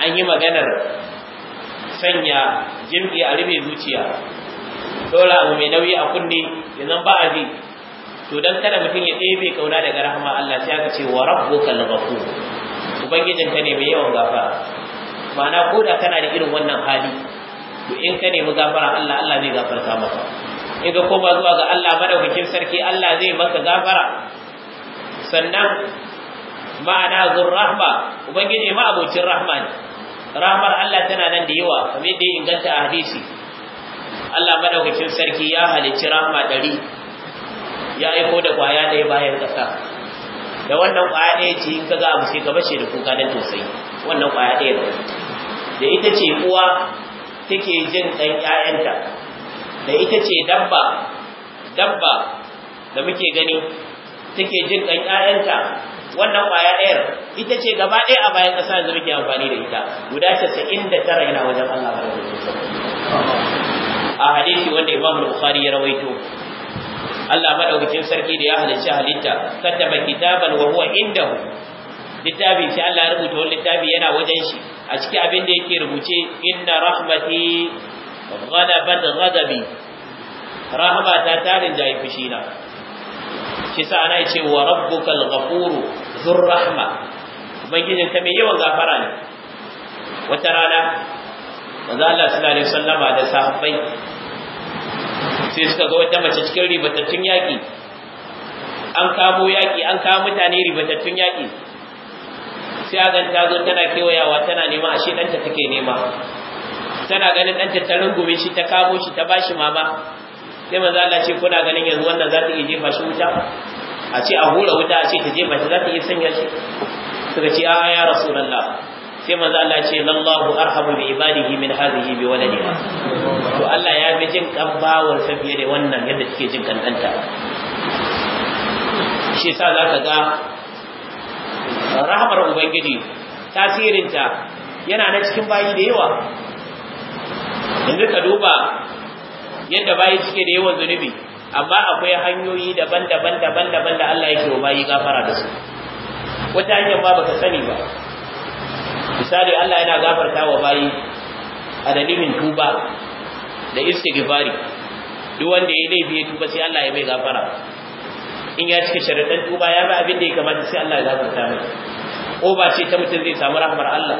A: an yi maganar sanya jimbi a rufe zuciya dole abu mai nauyi a kunne yanzu ba a ji to dan kada mutum ya ɗebe kauna daga Rahma, Allah sai aka ce wa rabbukal ghafur ka ne mai yawan gafara ma'ana ko da kana da irin wannan hali to in ka nemi gafara Allah Allah zai gafarta maka in ka koma zuwa ga Allah madaukakin sarki Allah zai maka gafara sannan ma'ana zur rahma ubangiji ma abocin rahma ne rahmar Allah tana nan da yawa kamar yadda inganta a hadisi Allah madaukakin sarki ya halicci rahma ɗari ya aiko da kwaya ɗaya bayan ƙasa da wannan kwaya ɗaya ce in ka ga abu sai ka bashe da kuka don tausayi wannan kwaya ɗaya da ita ce uwa take jin ɗan ‘ya'yanta da ita ce dabba dabba da muke gani take jin ɗan ‘ya'yanta wannan ƙwaya ɗayar ita ce gaba ɗaya a bayan ƙasa yanzu muke amfani da ita guda casa'in da tara yana wajen Allah ba a hadisi wanda Imam Bukhari ya rawaito Allah madaukakin sarki da ya halicci halitta kaddama kitaban wa huwa indahu littafin shi Allah ya rubuta wani littafi yana wajen shi a ciki abin da yake rubuce inna rahmati ghalabat ghadabi Rahama ta tarin jayi fushi na shi sa ana ce wa rabbukal ghafuru zur rahma ubangijin ka mai yawan gafara ne wata rana manzo Allah sallallahu alaihi wasallama da sahabbai sai suka ga wata mace cikin ribatattun yaki an kamo yaki an kawo mutane ribatattun yaki sai ta zo tana kewayawa tana nema ashe ɗanta take nema tana ganin ɗanta ta rungume shi ta kamo shi ta bashi mama sai manzo Allah ce kuna ganin yanzu wannan za ta iya jefa shi wuta a ce a hura wuta a ce ta jefa shi za ta iya sanya shi suka ce a ya rasulullah sai manzo Allah ce lallahu arhamu bi ibadihi min hadhihi bi waladiha to Allah ya bi jin kan bawar sa fiye da wannan yadda take jin kan danta shi yasa zaka ga rahmar ubangiji tasirinta yana na cikin bayi da yawa yanzu ka duba yadda bayi suke da yawan zunubi amma akwai hanyoyi daban-daban daban-daban da Allah yake wa bayi gafara da su wata hanyar ba baka sani ba misali Allah yana gafarta wa bayi a dalilin tuba da istighfari duk wanda ya yi laifi ya tuba sai Allah ya mai gafara in ya cika sharaɗan tuba ya ba abin da ya kamata sai Allah ya gafarta mai ko ba ce ta mutum zai samu rahmar Allah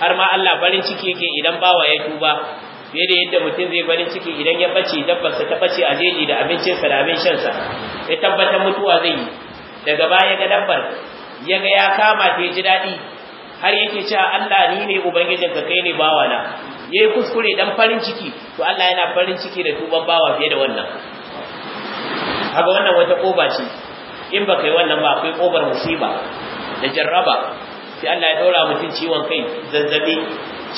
A: har ma Allah barin ciki yake idan bawa ya tuba fiye da yadda mutum zai barin ciki idan ya bace dabbarsa ta bace a jeji da abincinsa da abin shansa ya tabbatar mutuwa zai yi daga baya ga dabbar ya ga ya kama ta ji daɗi har yake cewa Allah ni ne ka kai ne bawana yayi kuskure dan farin ciki to Allah yana farin ciki da tuban bawa fiye da wannan kaga wannan wata koba ce in baka yi wannan ba akwai kobar musiba da jarraba sai Allah ya daura mutum ciwon kai zazzabi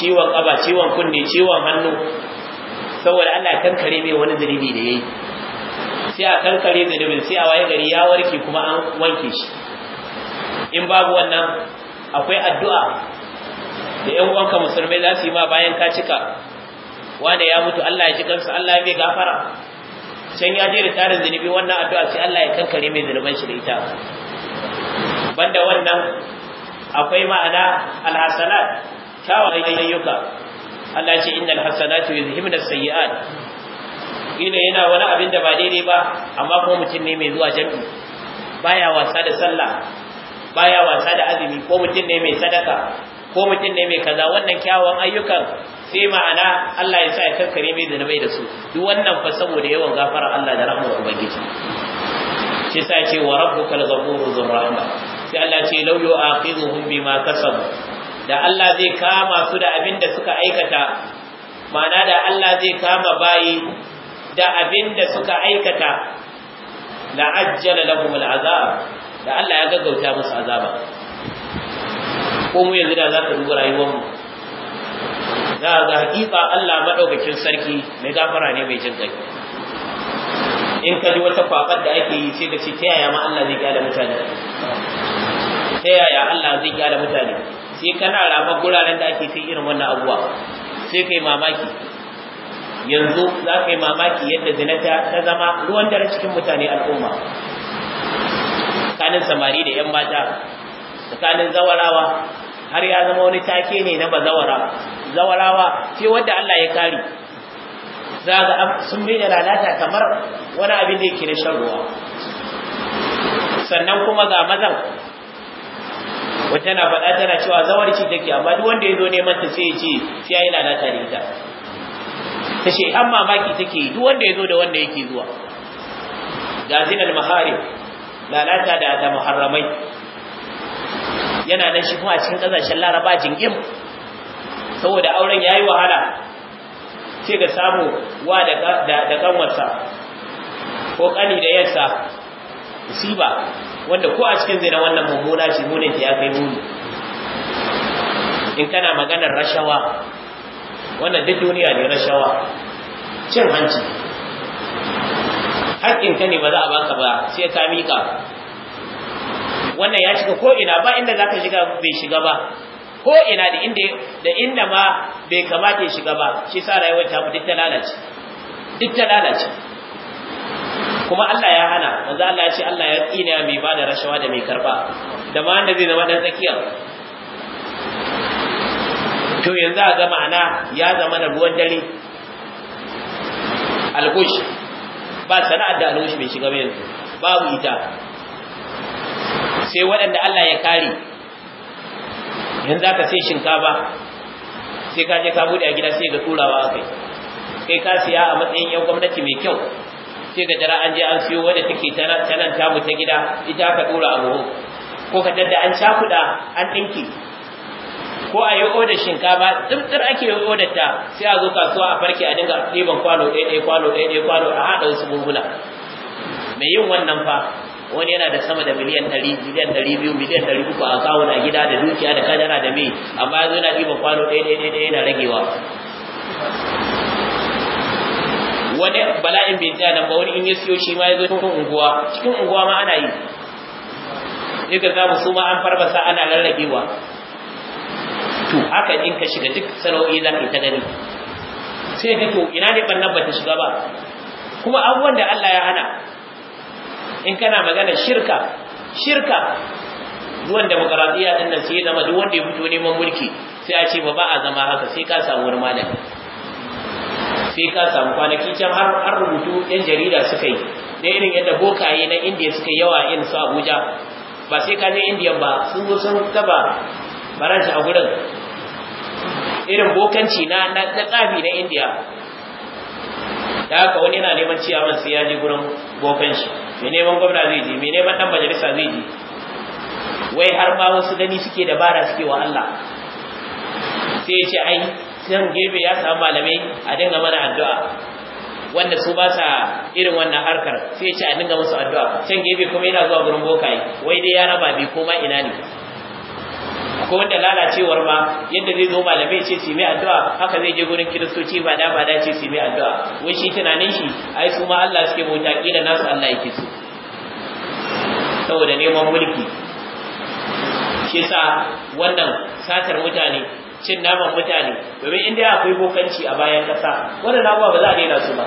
A: ciwon kaba ciwon kunne ciwon hannu saboda Allah ya kankare mai wani zunubi da yayi sai a kankare zunubin sai a waye gari ya warke kuma an wanke shi in babu wannan akwai addu'a da ƴan uwanka musulmai za su yi ma bayan ka cika wanda ya mutu Allah ya ji kansa Allah ya bai gafara can ya je da tarin zunubi wannan addu'a sai Allah ya kankare mai zunuban shi da ita banda wannan akwai ma'ana alhasanat kyawawan ayyuka Allah ya ce innal hasanatu as sayyi'at ina yana wani abin da ba daidai ba amma kuma mutum ne mai zuwa jami'i baya wasa da sallah baya wasa da azumi ko mutum ne mai sadaka ko mutum ne mai kaza wannan kyawawan ayyukan sai ma'ana Allah ya sa ya kankare mai mai da su duk wannan fa saboda yawan gafara Allah da rahmar ubangiji shi sa ce wa rabbuka al-ghafuru dhur rahma sai Allah ce law yu'aqizuhum bima kasabu da Allah zai kama su da abin da suka aikata ma'ana da Allah zai kama bayi da abin da suka aikata la ajjala lahum al-azab da Allah ya gaggauta musu azaba ko mu yanzu da za ka duba rayuwar mu za ga haƙiƙa Allah maɗaukakin sarki mai gafara ne mai jin in ka ji wata kwafar da ake yi sai ka ce ta yaya ma Allah zai kyale mutane ta yaya Allah zai kyale mutane sai kana rama guraren da ake kai irin wannan abuwa sai kai mamaki yanzu za ka yi mamaki yadda zinata ta zama ruwan dare cikin mutane al'umma tsakanin samari da 'yan mata tsakanin zawarawa har ya zama wani take ne na bazawara zawarawa sai wanda Allah ya kare zaga sun bai da lalata kamar wani abin da yake na shan ruwa sannan kuma ga mazan wata na faɗa tana cewa zawarci take amma duk wanda ya zo neman ta sai ya ce shi ya yi lalata da ita ta ce an mamaki take duk wanda ya zo da wanda yake zuwa ga zinal mahari lalata da ta muharramai yana nan shi kuma a cikin ƙasashen laraba jingim saboda auren yayi wahala sai ga samu wa da da kanwarsa ko kani da yarsa musiba wanda ko a cikin zai na wannan mummuna shi munin ya kai muni in kana maganar rashawa wannan duk duniya ne rashawa cin hanci ka ne ba za a baka ba sai ka mika wannan ya shiga ko ina ba inda zaka shiga bai shiga ba ko ina da inda da inda ma bai kamata ya shiga ba shi sa rayuwar ta duk ta lalace duk ta lalace kuma Allah ya hana manzo Allah ya ce Allah ya tsina mai da rashawa da mai karba da ma wanda zai zama dan tsakiya to yanzu a zama ana ya zama da ruwan dare algush ba sana'ar da algush bai shiga ba yanzu babu ita sai waɗanda Allah ya kare yanzu aka sai shinkafa sai ka je ka bude a gida sai ga turawa kai kai ka siya a matsayin yan gwamnati mai kyau sai ga jara an je an siyo wadda take tanan mu ta gida ita aka dora a buhu ko ka tadda an sha kuda an ɗinki ko a yi odar shinkafa tsirtsir ake yi odar ta sai a zo kasuwa a farke a dinga ɗiban kwano ɗaya ɗaya kwano ɗaya ɗaya kwano a haɗa wasu buhuna mai yin wannan fa wani yana da sama da miliyan 100 miliyan 200 miliyan 300 a a gida da dukiya da kadara da me amma yanzu yana ɗiba kwano ɗaya ɗaya ɗaya yana ragewa wani bala'in bai tsaya nan ba wani in yi siyo shi ma ya zo cikin unguwa cikin unguwa ma ana yi sai ka samu su ma an farbasa ana lallabewa to haka in ka shiga duk sana'o'i za ka yi ta gani sai ka to ina ne ɓannan ba ta shiga ba kuma abubuwan da Allah ya hana in kana magana shirka shirka duwan demokaradiyya din nan sai zama duk wanda ya fito neman mulki sai a ce ba ba a zama haka sai ka samu wani malami sai ka samu kwanaki can har har rubutu yan jarida suka yi da irin yadda bokaye na indiya suka yawa irin su abuja ba sai ka je indiya ba sun zo sun taba baranci a gurin irin bokanci na na tsafi na indiya da haka wani yana neman man sai ya je gurin bokan shi mai neman gwamna zai je mai neman dan majalisa zai je wai har ma wasu gani suke da bara suke wa Allah sai ya ce ai san gebe ya samu malamai a dinga mana addu'a wanda su ba sa irin wannan harkar sai ya ce a dinga musu addu'a can gebe kuma yana zuwa gurin bokaye wai dai ya raba bi koma ina ne ko wanda lalacewar ma yadda zai zo malamai ce su mai addu'a haka zai je gurin kiristoci ba da ba da ce su mai addu'a wai shi tunanin shi ai su ma Allah suke mota kila nasu Allah yake su saboda neman mulki shi sa wannan satar mutane cin naman mutane domin inda akwai bokanci a bayan kasa wannan abuwa ba za a daina su ba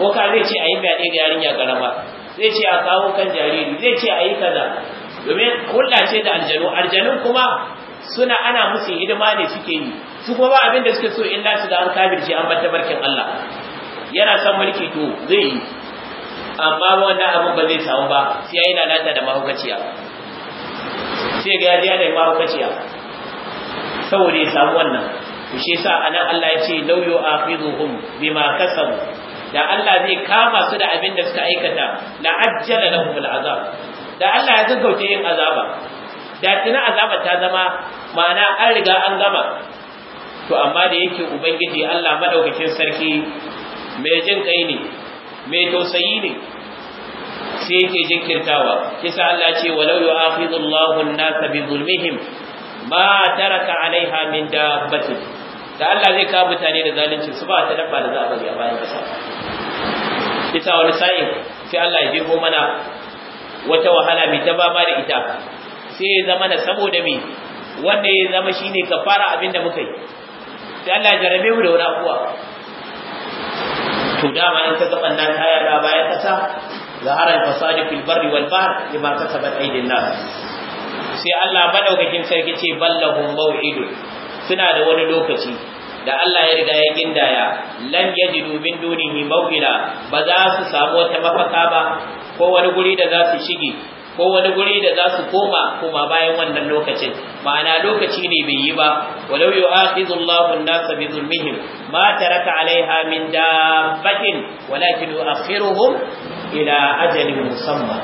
A: boka zai ce a yi fyaɗe ga yarinya karama zai ce a kawo kan jariri zai ce a yi kaza domin hulɗa ce da aljanu aljanu kuma suna ana musu hidima ne suke yi su kuma ba abin da suke so in su ga an shi, an bata barkin Allah yana son mulki to zai yi amma wannan abin ba zai samu ba sai ya yi lalata da mahaukaciya sai ga yaji da mahaukaciya saboda ya samu wannan to shi yasa anan Allah ya ce law yu'akhidhuhum bima kasabu da Allah zai kama su da abin da suka aikata la ajjala lahum azab da Allah ya gaggauta yin azaba da tuna azaba ta zama ma'ana an riga an gama to amma da yake ubangiji Allah madaukakin sarki mai jin kai ne mai tausayi ne sai yake jinkirtawa kisa Allah ce walau yu'akhidullahu an-nasa bi zulmihim ma taraka alaiha min dabbatin da Allah zai kawo mutane da zalunci su ba ta dafa da za a bari bayan kasa kisa wani sa'in sai Allah ya jibo mana wata wahala mai ta ba da ita sai ya zama na saboda me wanda ya zama shine abin abinda muka yi sai Allah jarabe mu da wani abuwa to dama in ka gaban nan kaya da bayan kasa zahara fasadi fil barri wal bahr bima kasabat aidin nas sai Allah madaukakin sarki ce ballahum mau'idun suna da wani lokaci da Allah ya riga ya gindaya lan yajidu min dunihi maw'ila ba za su samu wata mafaka ba ko wani guri da za su shige ko wani guri da za su koma koma bayan wannan lokacin ma'ana lokaci ne bai yi ba walau yu'akhidhu Allahu an-nasa bi zulmihim ma taraka 'alayha min dabbatin walakin yu'akhiruhum ila ajalin musamma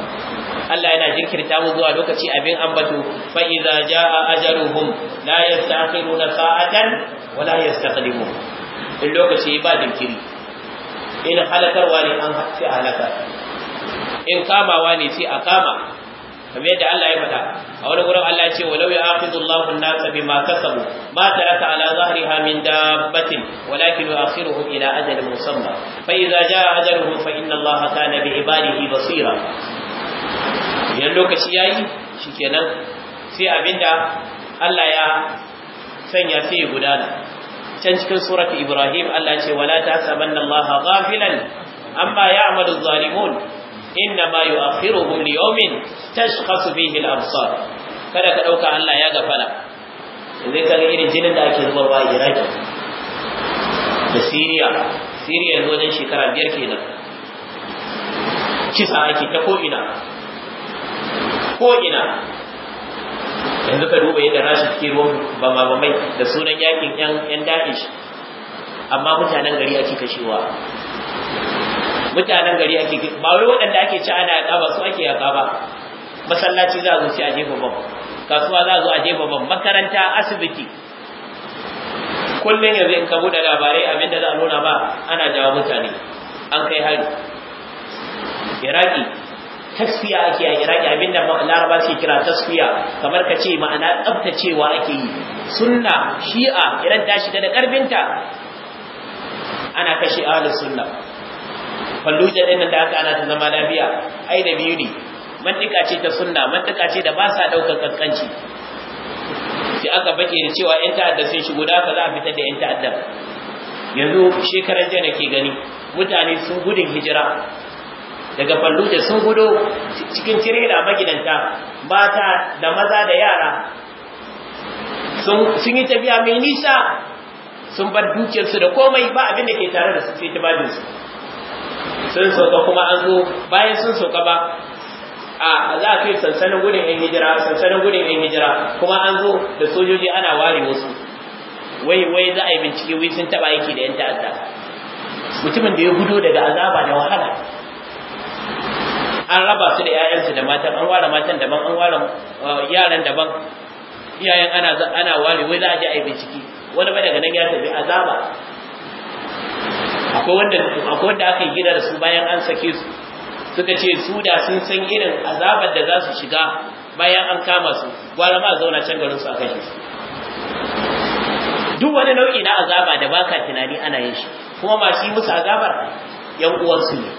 A: Allah yana jinkirta mu zuwa lokaci abin ambato fa idza jaa ajaluhum la yastakhiruna sa'atan wala yastaqdimun in lokaci ba jinkiri in halakarwa ne an fi halakar in kamawa ne sai a kama kamar yadda Allah ya faɗa a wani gurin Allah ya ce wa ya akhidhu Allahu an-nasa bima kasabu ma taraka ala zahriha min dabbatin walakin yu'akhiruhum ila ajalin musamma fa idza jaa ajaluhum fa inna Allaha kana bi ibadihi basira idan lokaci yayi shikenan sai abinda Allah ya sanya sai gudana can cikin surati Ibrahim Allah ya ce wala tahsabanna Allaha ghafilan amma ya'malu adh-dhalimun inna ma yu'akhiruhum li yawmin tashkhasu fihi al-absar kada ka dauka Allah ya gafala zai kaga irin jinin da ake zubarwa a Iraq da Syria Syria yanzu wajen shekara biyar kenan kisa ake ta ko ina ko ina yanzu ka duba yadda rashi ke ruwan ma bamai da sunan yakin yan da'ish amma mutanen gari ake kashewa mutanen gari ake ba wai waɗanda ake ci ana yaƙa ba su ake yaƙa ba masallaci za a zo ci a jefa bam kasuwa za a zo a jefa bam makaranta asibiti kullum yanzu in ka buɗe labarai abin da za a nuna ba ana jawo mutane an kai hari iraki tasfiya ake a iraki abin da laraba ke kira tasfiya kamar ka ce ma'ana tsabtacewa ake yi sunna shi'a idan ta shiga da ƙarfinta ana kashe ahlus sunna falluja nan da aka ana ta zama lafiya ai da biyu ne mantika ce ta sunna mantika ce da ba sa ɗaukar kaskanci sai aka bake da cewa yan ta'adda sun shigo da aka za a fitar da yan ta'adda yanzu shekarar jiya nake ke gani mutane sun gudun hijira daga falluja sun gudo cikin tirela magidanta mata da maza da yara sun yi tafiya mai nisa sun bar dukiyarsu da komai ba abin da ke tare da su sai ta sun sauka kuma an zo bayan sun sauka ba a za a kai sansanin gudun yan hijira sansanin gudun yan hijira kuma an zo da sojoji ana ware wasu wai wai za a yi bincike wai sun taba aiki da yan ta'adda mutumin da ya gudo daga azaba da wahala an raba su da 'ya'yansu da matan an ware matan daban an ware uh, yaran daban iyayen ana ana ware wai za a je a yi bincike wani ba daga nan ya tafi azaba akwai wanda aka yi da su bayan an sake su suka ce su da sun san irin azabar da za su shiga bayan an kama su gwara ma zauna can garin su a kashe su duk wani nau'i na azaba da baka tunani ana yin shi kuma masu yi musu azabar yan uwansu ne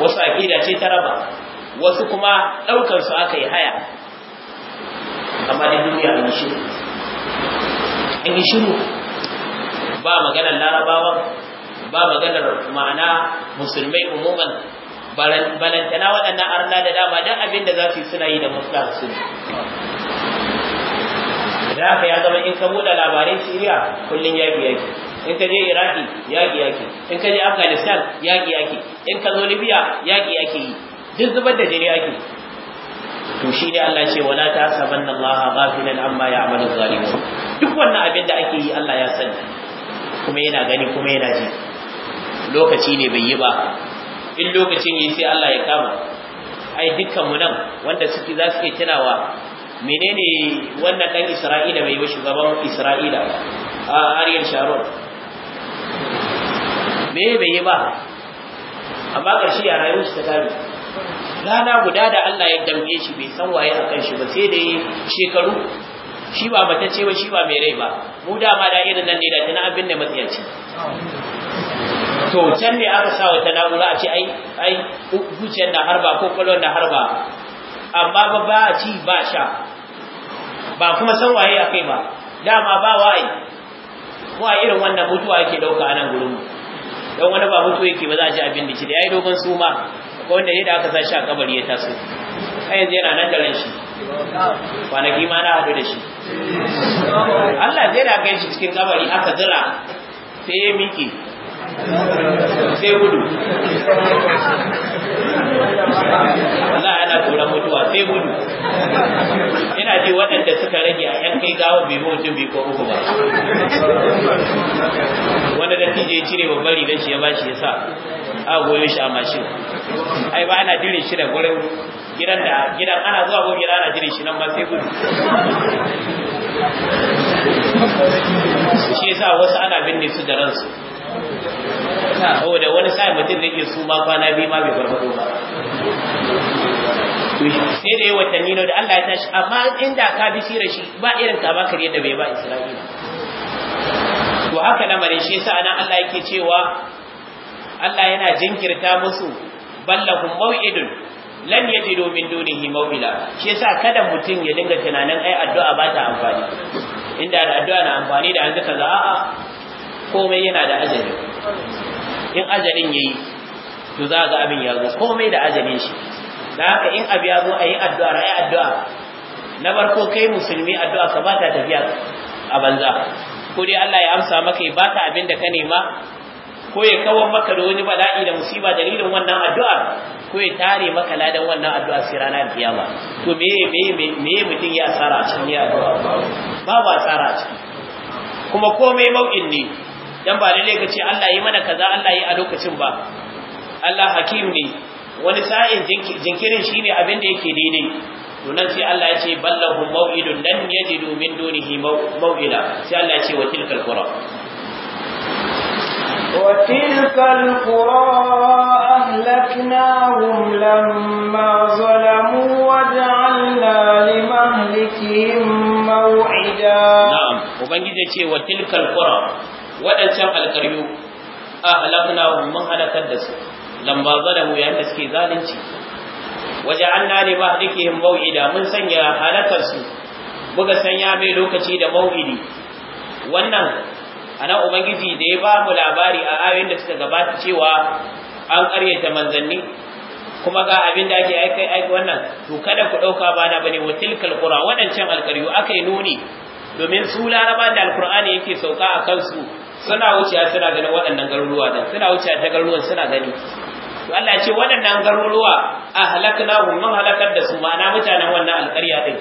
A: wasu aƙida ce ta raba wasu kuma daukar su aka yi haya amma da duniya an yi an yi shiru ba maganar larabawan ba maganar ma'ana musulmai umuman balantana waɗannan arna da dama don abin da za su yi suna yi da maslahar su da haka ya zama in ka buɗe labarin siriya kullum yaƙi yaƙi in ka je iraki yaƙi yaƙi in ka je afghanistan yaƙi yaƙi in ka zo libya yaƙi yaƙi yi duk zubar da jini yake. to shi ne Allah ce wala ta sabanna Allah ghafilan amma ya'malu zalimun duk wannan abin da ake yi Allah ya sani kuma yana gani kuma yana ji lokaci ne bai yi ba in lokacin yi sai Allah ya kama ai dukkan mu nan wanda suke za su tunawa menene wannan dan Isra'ila bai yi shugaban Isra'ila a Ariel Sharon me bai yi ba amma karshe ya rayu shi ta gari rana guda da Allah ya damge shi bai san waye akan shi ba sai dai shekaru shi ba ce ba shi ba mai rai ba mu dama da irin nan ne da tana abin da matsiyaci
C: to can ne aka sa
A: wata na'ura a ce ai ai zuciyar na harba ko kwallon na harba amma ba ba a ci ba sha ba kuma san waye a kai ba dama ba waye ko a irin wannan mutuwa yake dauka nan gurin mu dan wani ba mutuwa yake ba za a ci abin da shi da yayi dogon suma ko wanda ya da aka sa shi a kabari ya taso ai yanzu yana nan da ran shi kwanaki ma na haɗu da shi Allah zai da kai shi cikin kabari aka zira sai ya miki sai gudu Allah yana tsoron mutuwa sai gudu ina ji waɗanda suka rage a ‘yan kai gawa bai mutum bai ko uku ba wanda da tije cire babbar rigar shi ya bashi ya sa a goyo shi a mashin ai ba ana dire shi da gurin gidan da gidan ana zuwa ko gidan ana jirin shi nan ma sai gudu shi yasa wasu ana binne su da ransu saboda wani sai mutum da yake su ma kwana biyu ma bai farfado ba sai da yi watanni da Allah ya tashi amma inda ka bi sirar shi ba irin ka bakar yadda bai ba Isra'ila to haka na mare shi yasa nan Allah yake cewa Allah yana jinkirta musu ballahum maw'idun lam yajidu min dunihi mawila shi yasa kada mutum ya dinga tunanin ai addu'a ba ta amfani inda addu'a na amfani da yanzu kaza a'a komai yana da ajali in ajalin yayi to za ga abin ya zo komai da ajalin shi dan haka in abu ya zo ayi addu'a ai addu'a na barko kai musulmi addu'a ka ba ta tafiya a banza ko dai Allah ya amsa maka ba baka abin da ka nema ko ya kawar maka da wani bala'i da musiba dalilin wannan addu'ar ko ya tare maka ladan wannan addu'a sai ranar kiyama to me me me mutum ya tsara a cikin addu'a ba tsara a cikin kuma komai mau'in ne dan ba lalle ka ce Allah yi mana kaza Allah yi a lokacin ba Allah hakim ne wani sa'in jinkirin shine abin da yake daidai to nan sai Allah ya ce ballahu mau'idun lan yajidu min dunihi mau'ila sai Allah ya ce wa tilkal qura وتلك
B: القرى أهلكناهم لما ظلموا وجعلنا لمهلكهم موعدا
A: نعم وبنجد شيء وتلك القرى وأنشأ القريو أهلكناهم مهلا هلكت لما ظلموا يندسكي ذلك وجعلنا لمهلكهم موعدا من سنيا هلكتسو buga sanya mai lokaci da mau'idi wannan ana ubangiji da ya ba mu labari a ayoyin da suka gabata cewa an ƙaryata manzanni kuma ga abin da ake aika aika wannan to kada ku dauka bana bane wa tilkal qura wadancan alqariyu akai nuni domin su laraban da alqur'ani yake sauka a kansu suna wuce suna ganin waɗannan garuruwa da suna wuce ta garuruwan suna gani to Allah ce waɗannan garuruwa ahlaknahum mun halakar da su ma'ana mutanen wannan alƙarya din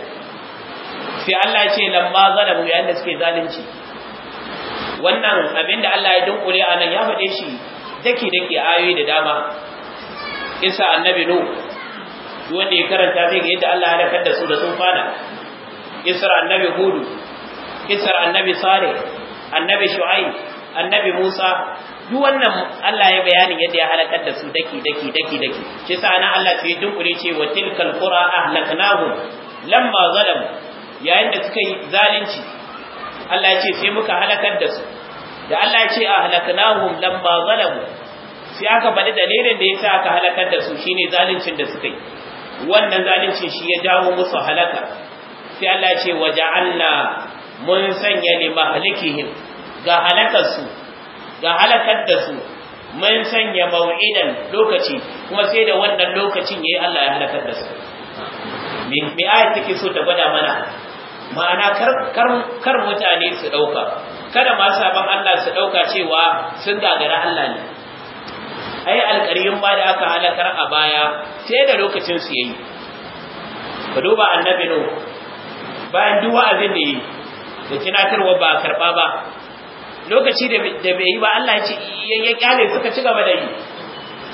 A: sai Allah ce lamma zalamu yayin da suke zalunci wannan abin da Allah ya dunkule a nan ya faɗe shi daki daki ayoyi da dama kisa annabi nu wanda ya karanta zai ga yadda Allah ya halakar da su da sun tufana kisar annabi hudu kisar annabi sare annabi shu'aib annabi musa duk wannan Allah ya bayani yadda ya halakar da su daki daki daki daki shi sa nan Allah sai dunkure ce wa tilkal qura ahlaknahum lamma zalam yayin da suka yi zalunci Allah ya ce sai muka halakar da su da Allah ya ce ahlaknahum ba zalamu sai aka faɗi dalilin da yasa aka halakar da su shine zalincin da suka yi wannan zalincin shi ya jawo musu halaka sai Allah ya ce waja'alna mun sanya li mahlikihim ga halakar su ga halakar da su mun sanya mau'idan lokaci kuma sai da wannan lokacin yayi Allah ya halakar da su me ayat take so ta gwada mana ma'ana kar mutane su dauka kada ma sabon Allah su ɗauka cewa sun gagara Allah ne ai alƙaryin ba da aka halakar a baya sai da lokacin su yayi ku duba annabi no bayan duwa wa'azin da yi da tunatarwa ba karɓa ba lokaci da bai yi ba Allah ya kyale suka ci gaba da yi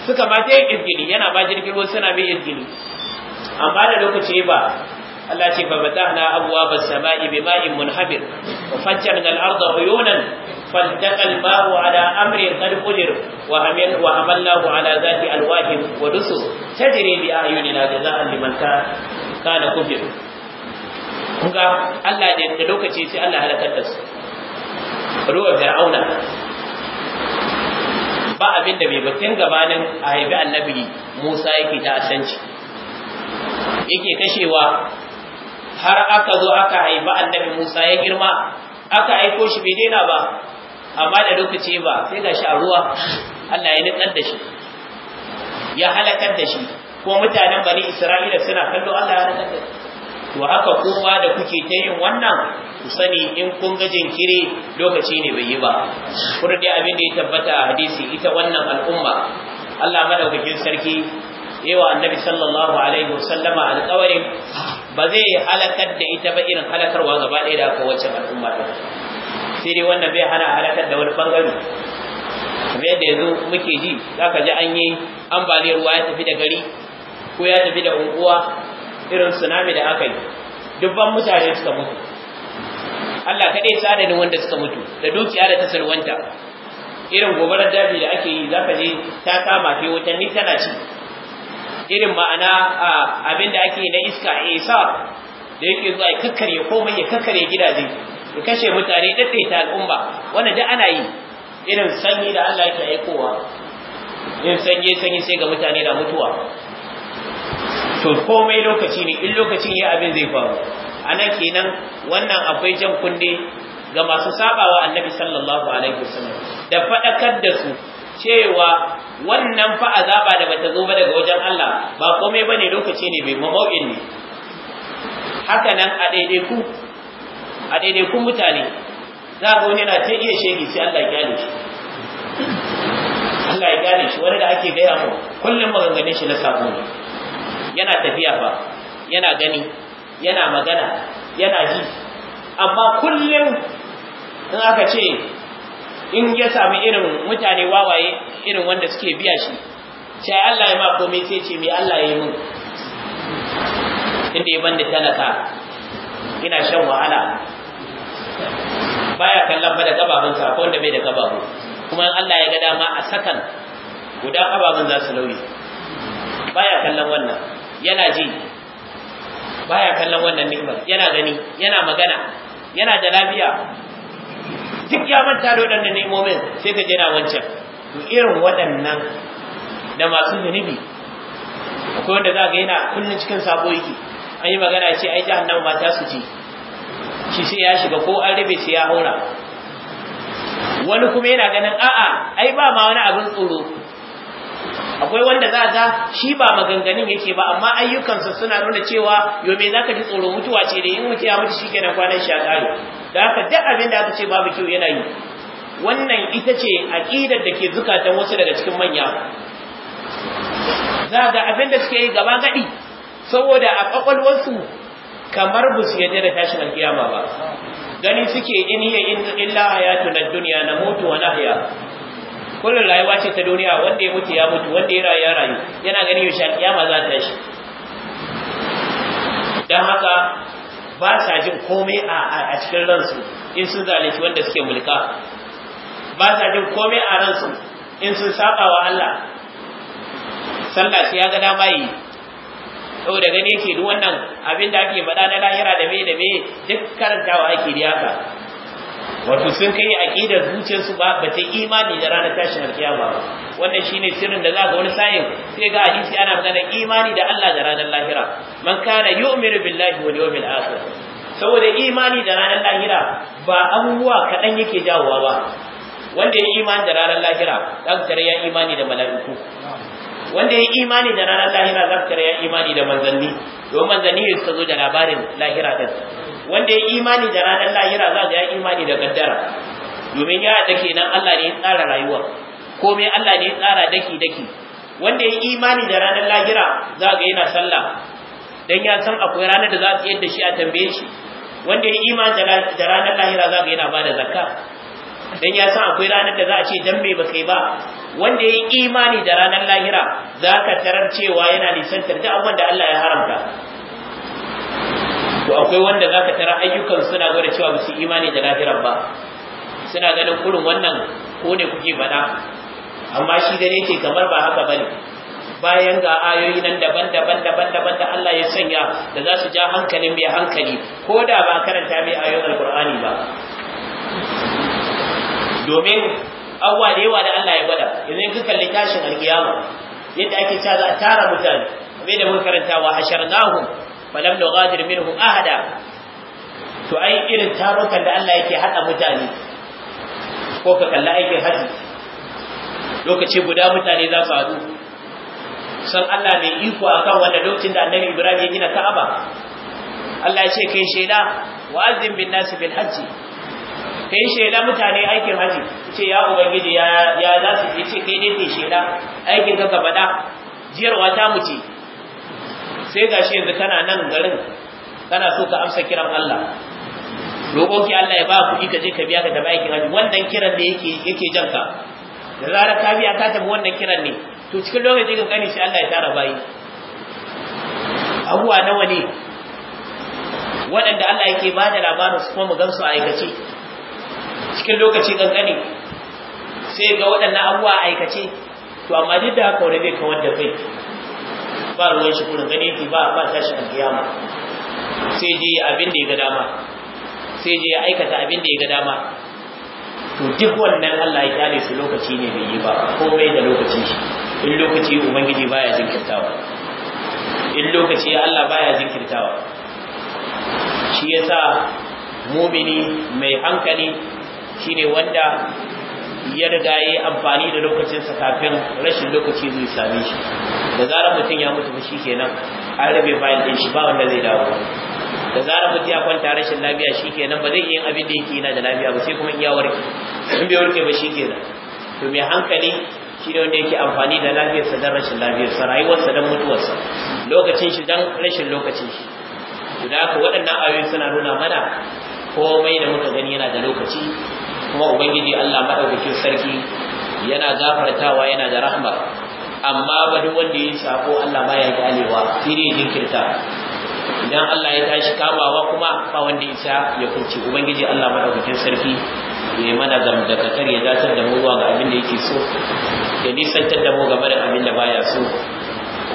A: suka ma ta yin izgini yana ba jirgin ruwa suna mai izgini amma da lokaci ba Allah ce fa batahna abwaab as-samaa'i bima'in munhamir wa fajjarna al-arda uyunan faltaqa al-ma'u ala amrin qad qadir wa hamin wa amalnahu ala dhati al-wahid wa dusur tajri na, a'yunina jazaa'an liman kana kufir kun ga Allah da lokaci sai Allah halakar da su ruwa fir'auna ba abinda da mai bakin gabanin a haifi annabi Musa yake ta asanci yake kashewa har aka zo aka haifi annabi Musa ya girma aka aiko shi bai daina ba amma da lokaci ba sai gashi a ruwa Allah ya nutsar da shi ya halakar da shi ko mutanen bani Isra'ila suna kallo Allah ya halakar da shi to haka kowa da kuke ta yin wannan ku sani in kun ga jinkiri lokaci ne bai yi ba kuma dai abin da ya tabbata a hadisi ita wannan al'umma Allah madaukakin sarki yawa annabi sallallahu alaihi wasallama alƙawarin ba zai halakar da ita ba irin halakarwa gaba ɗaya da aka wacce al'umma ta sai dai wannan bai hana halakar da wani bangare kamar yadda yanzu muke ji za ka ji an yi ambaliyar ruwa ya tafi da gari ko ya tafi da unguwa irin tsunami da aka yi dubban mutane suka mutu Allah kaɗai ni wanda suka mutu da dukiya da ta salwanta irin gobarar daji da ake yi za ka je ta kama ke watanni tana ci irin ma'ana abin da ake na iska a eh, isa da yake zuwa ya kakkarye komai ya ya gidaje ya kashe mutane ta al'umma wanda da ana yi irin sanyi da Allah yake aikowa irin sanyi sanyi sai ga mutane na mutuwa to komai lokaci ne in lokacin ya abin zai faru nan kenan wannan akwai jan kunne ga masu sabawa annabi sallallahu alaihi wasallam da fadakar da su cewa wannan fa azaba da bata zo ba daga wajen Allah ba komai bane lokaci ne bai mamau'in ne haka nan a ku? a ku mutane za ga wani yana ta iya shege sai Allah ya gane shi Allah ya gane shi wani da ake gaya mu kullum maganganun shi na sabo ne yana tafiya fa yana gani yana magana yana ji amma kullum in aka ce in ya sami irin mutane wawaye irin wanda suke biya shi sai Allah ya ma komai sai ce me Allah ya yi min inda ya banda talaka ina shan wahala baya kallon bada da kababun sa ko wanda bai da kababu kuma in Allah ya ga dama a sakan guda kababun za su lauye baya kallon wannan yana ji baya kallon wannan ni'imar yana gani yana magana yana da lafiya duk ya manta da waɗannan ne'imomin sai ka jira wancan to irin waɗannan da masu zunubi akwai wanda za ga yana kullum cikin sabo yake an yi magana ce ai jahannama ba ta su ci shi sai ya shiga ko an rabe sai ya haura wani kuma yana ganin a'a ai ba ma wani abin tsoro akwai wanda za ga shi ba maganganun yake ba amma ayyukansa suna nuna cewa yo me zaka ji tsoro mutuwa ce da in mutu ya mutu shikenan kwanan shi ya kare da haka duk abin da aka ce babu kyau yana yi wannan ita ce aqidar da ke zukatan wasu daga cikin manya za ga abin da suke yi gaba gadi saboda a kwakwalwarsu kamar ba su yadda da tashin alkiyama ba gani suke in hiya illa hayatuna dunya namutu wa nahya kullum rayuwa ce ta duniya wanda ya mutu ya mutu wanda ya rayu ya rayu yana ganin yaushe kiyama za ta shi dan haka ba sa jin komai a cikin ransu in sun zalunci wanda suke mulka ba sa jin komai a ransu in sun saba wa Allah sallah sai ya ga dama yi da gani yake duk wannan abin da ake faɗa na lahira da me da me duk karantawa ake riyaka wato sun kai aqidar zuciyarsu ba ba ta imani da ranar tashin alkiyama ba wannan shine sirrin da za ga wani sayin sai ga hadisi ana magana imani da Allah da ranar lahira man kana yu'minu billahi wal yawmil akhir saboda imani da ranar lahira ba abubuwa kadan yake jawowa ba wanda ya imani da ranar lahira zaka tare ya imani da mala'iku wanda ya imani da ranar lahira zaka tare ya imani da manzanni domin manzanni suka zo da labarin lahira din wanda ya imani da ranar lahira za ga ya imani da kaddara domin ya da kenan Allah ne ya tsara rayuwa komai Allah ne ya tsara daki daki wanda ya imani da ranar lahira za ga yana sallah dan ya san akwai ranar da za su yadda shi a tambaye shi wanda ya imani da ranar lahira za ga yana bada zakka dan ya san akwai ranar da za a ce dan me ba kai ba wanda ya imani da ranar lahira za ka tarar cewa yana nisantar da abubuwan da Allah ya haramta to akwai wanda za ka tara ayyukan suna gwada da cewa ba su imani da lahirar ba suna ganin kurin wannan ko ne kuke bada amma shi gane yake kamar ba haka bane bayan ga ayoyi nan daban-daban daban-daban da Allah ya sanya da za su ja hankalin mai hankali ko da ba karanta mai ayoyin alkur'ani ba domin awwa da yawa da Allah ya gwada yanzu ka kalli tashin alkiyama yadda ake cewa za a tara mutane kamar da mun wa asharnahum falam nughadir minhum ahada to ai irin tarukan da Allah yake hada mutane ko ka kalla aikin haji lokaci guda mutane za su haɗu san Allah mai iko akan wanda lokacin da Annabi Ibrahim ya gina Ka'aba Allah ya ce kai shaida wa'azin bin nas bil hajji kai sheda mutane aikin haji ce ya ubangiji ya za su ce kai ne kai sheda aikin ka ka bada jiyarwa ta mu ce sai ga shi yanzu kana nan garin kana so ka amsa kiran Allah roƙon ki Allah ya ba ku ka je ka biya ka tafi aikin hajji wannan kiran ne yake yake jan ka da zarar ka biya ka tafi wannan kiran ne to cikin lokacin kan gani shi Allah ya tara bayi abuwa nawa ne waɗanda Allah yake ba da labarin su kuma mu gan a aikace cikin lokaci kankani sai ga waɗannan abuwa a aikace to amma duk da haka wani bai kawar da kai ba ruwan shi kullum gani ki ba ba tashi kiyama sai je abin da ya ga dama sai je aikata abin da ya ga dama to duk wannan Allah ya kyale su lokaci ne bai yi ba komai da lokacin shi in lokaci ubangiji baya jinkirtawa in lokaci Allah baya jinkirtawa shi yasa mumini mai hankali shine wanda ya riga yi amfani da lokacinsa kafin rashin lokaci zai same shi da zarar mutum ya mutu ba shikenan an rabe fayil din shi ba wanda zai dawo da zarar mutum ya kwanta rashin lafiya shikenan ba zai yi abin da yake yana da lafiya ba sai kuma iya warke in bai warke ba shikenan to mai hankali shi ne wanda yake amfani da lafiyarsa don rashin lafiyarsa rayuwarsa don mutuwarsa lokacin shi don rashin lokacin shi to da haka waɗannan ayoyi suna nuna mana komai da muka gani yana da lokaci kuma ubangiji Allah madaukakin sarki yana gafartawa yana da rahma amma ba duk wanda ya sako Allah baya galewa shi jinkirta idan Allah ya tashi kamawa kuma ba wanda isa ya kunce ubangiji Allah madaukakin sarki ya mana zamdakatar ya datar da mu ga abin da yake so ya nisantar da mu game da abin da baya so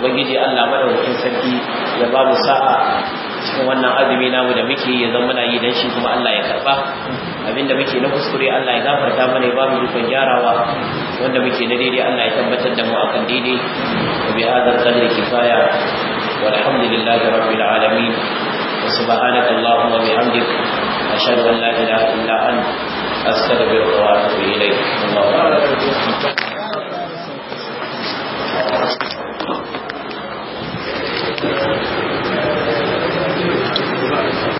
A: ubangiji Allah madaukakin sarki ya ba mu sa'a cikin wannan azumi namu da muke ya zama muna yi dan shi kuma Allah ya karba abinda muke na kuskure Allah ya gafarta mana ya ba mu dukkan jarawa wanda muke na daidai Allah ya tabbatar da mu akan daidai wa bi hadzal qadri kifaya walhamdulillahi rabbil alamin wa subhanaka allahumma wa bihamdik ashhadu an la ilaha illa anta astaghfiruka wa atubu ilayk Thank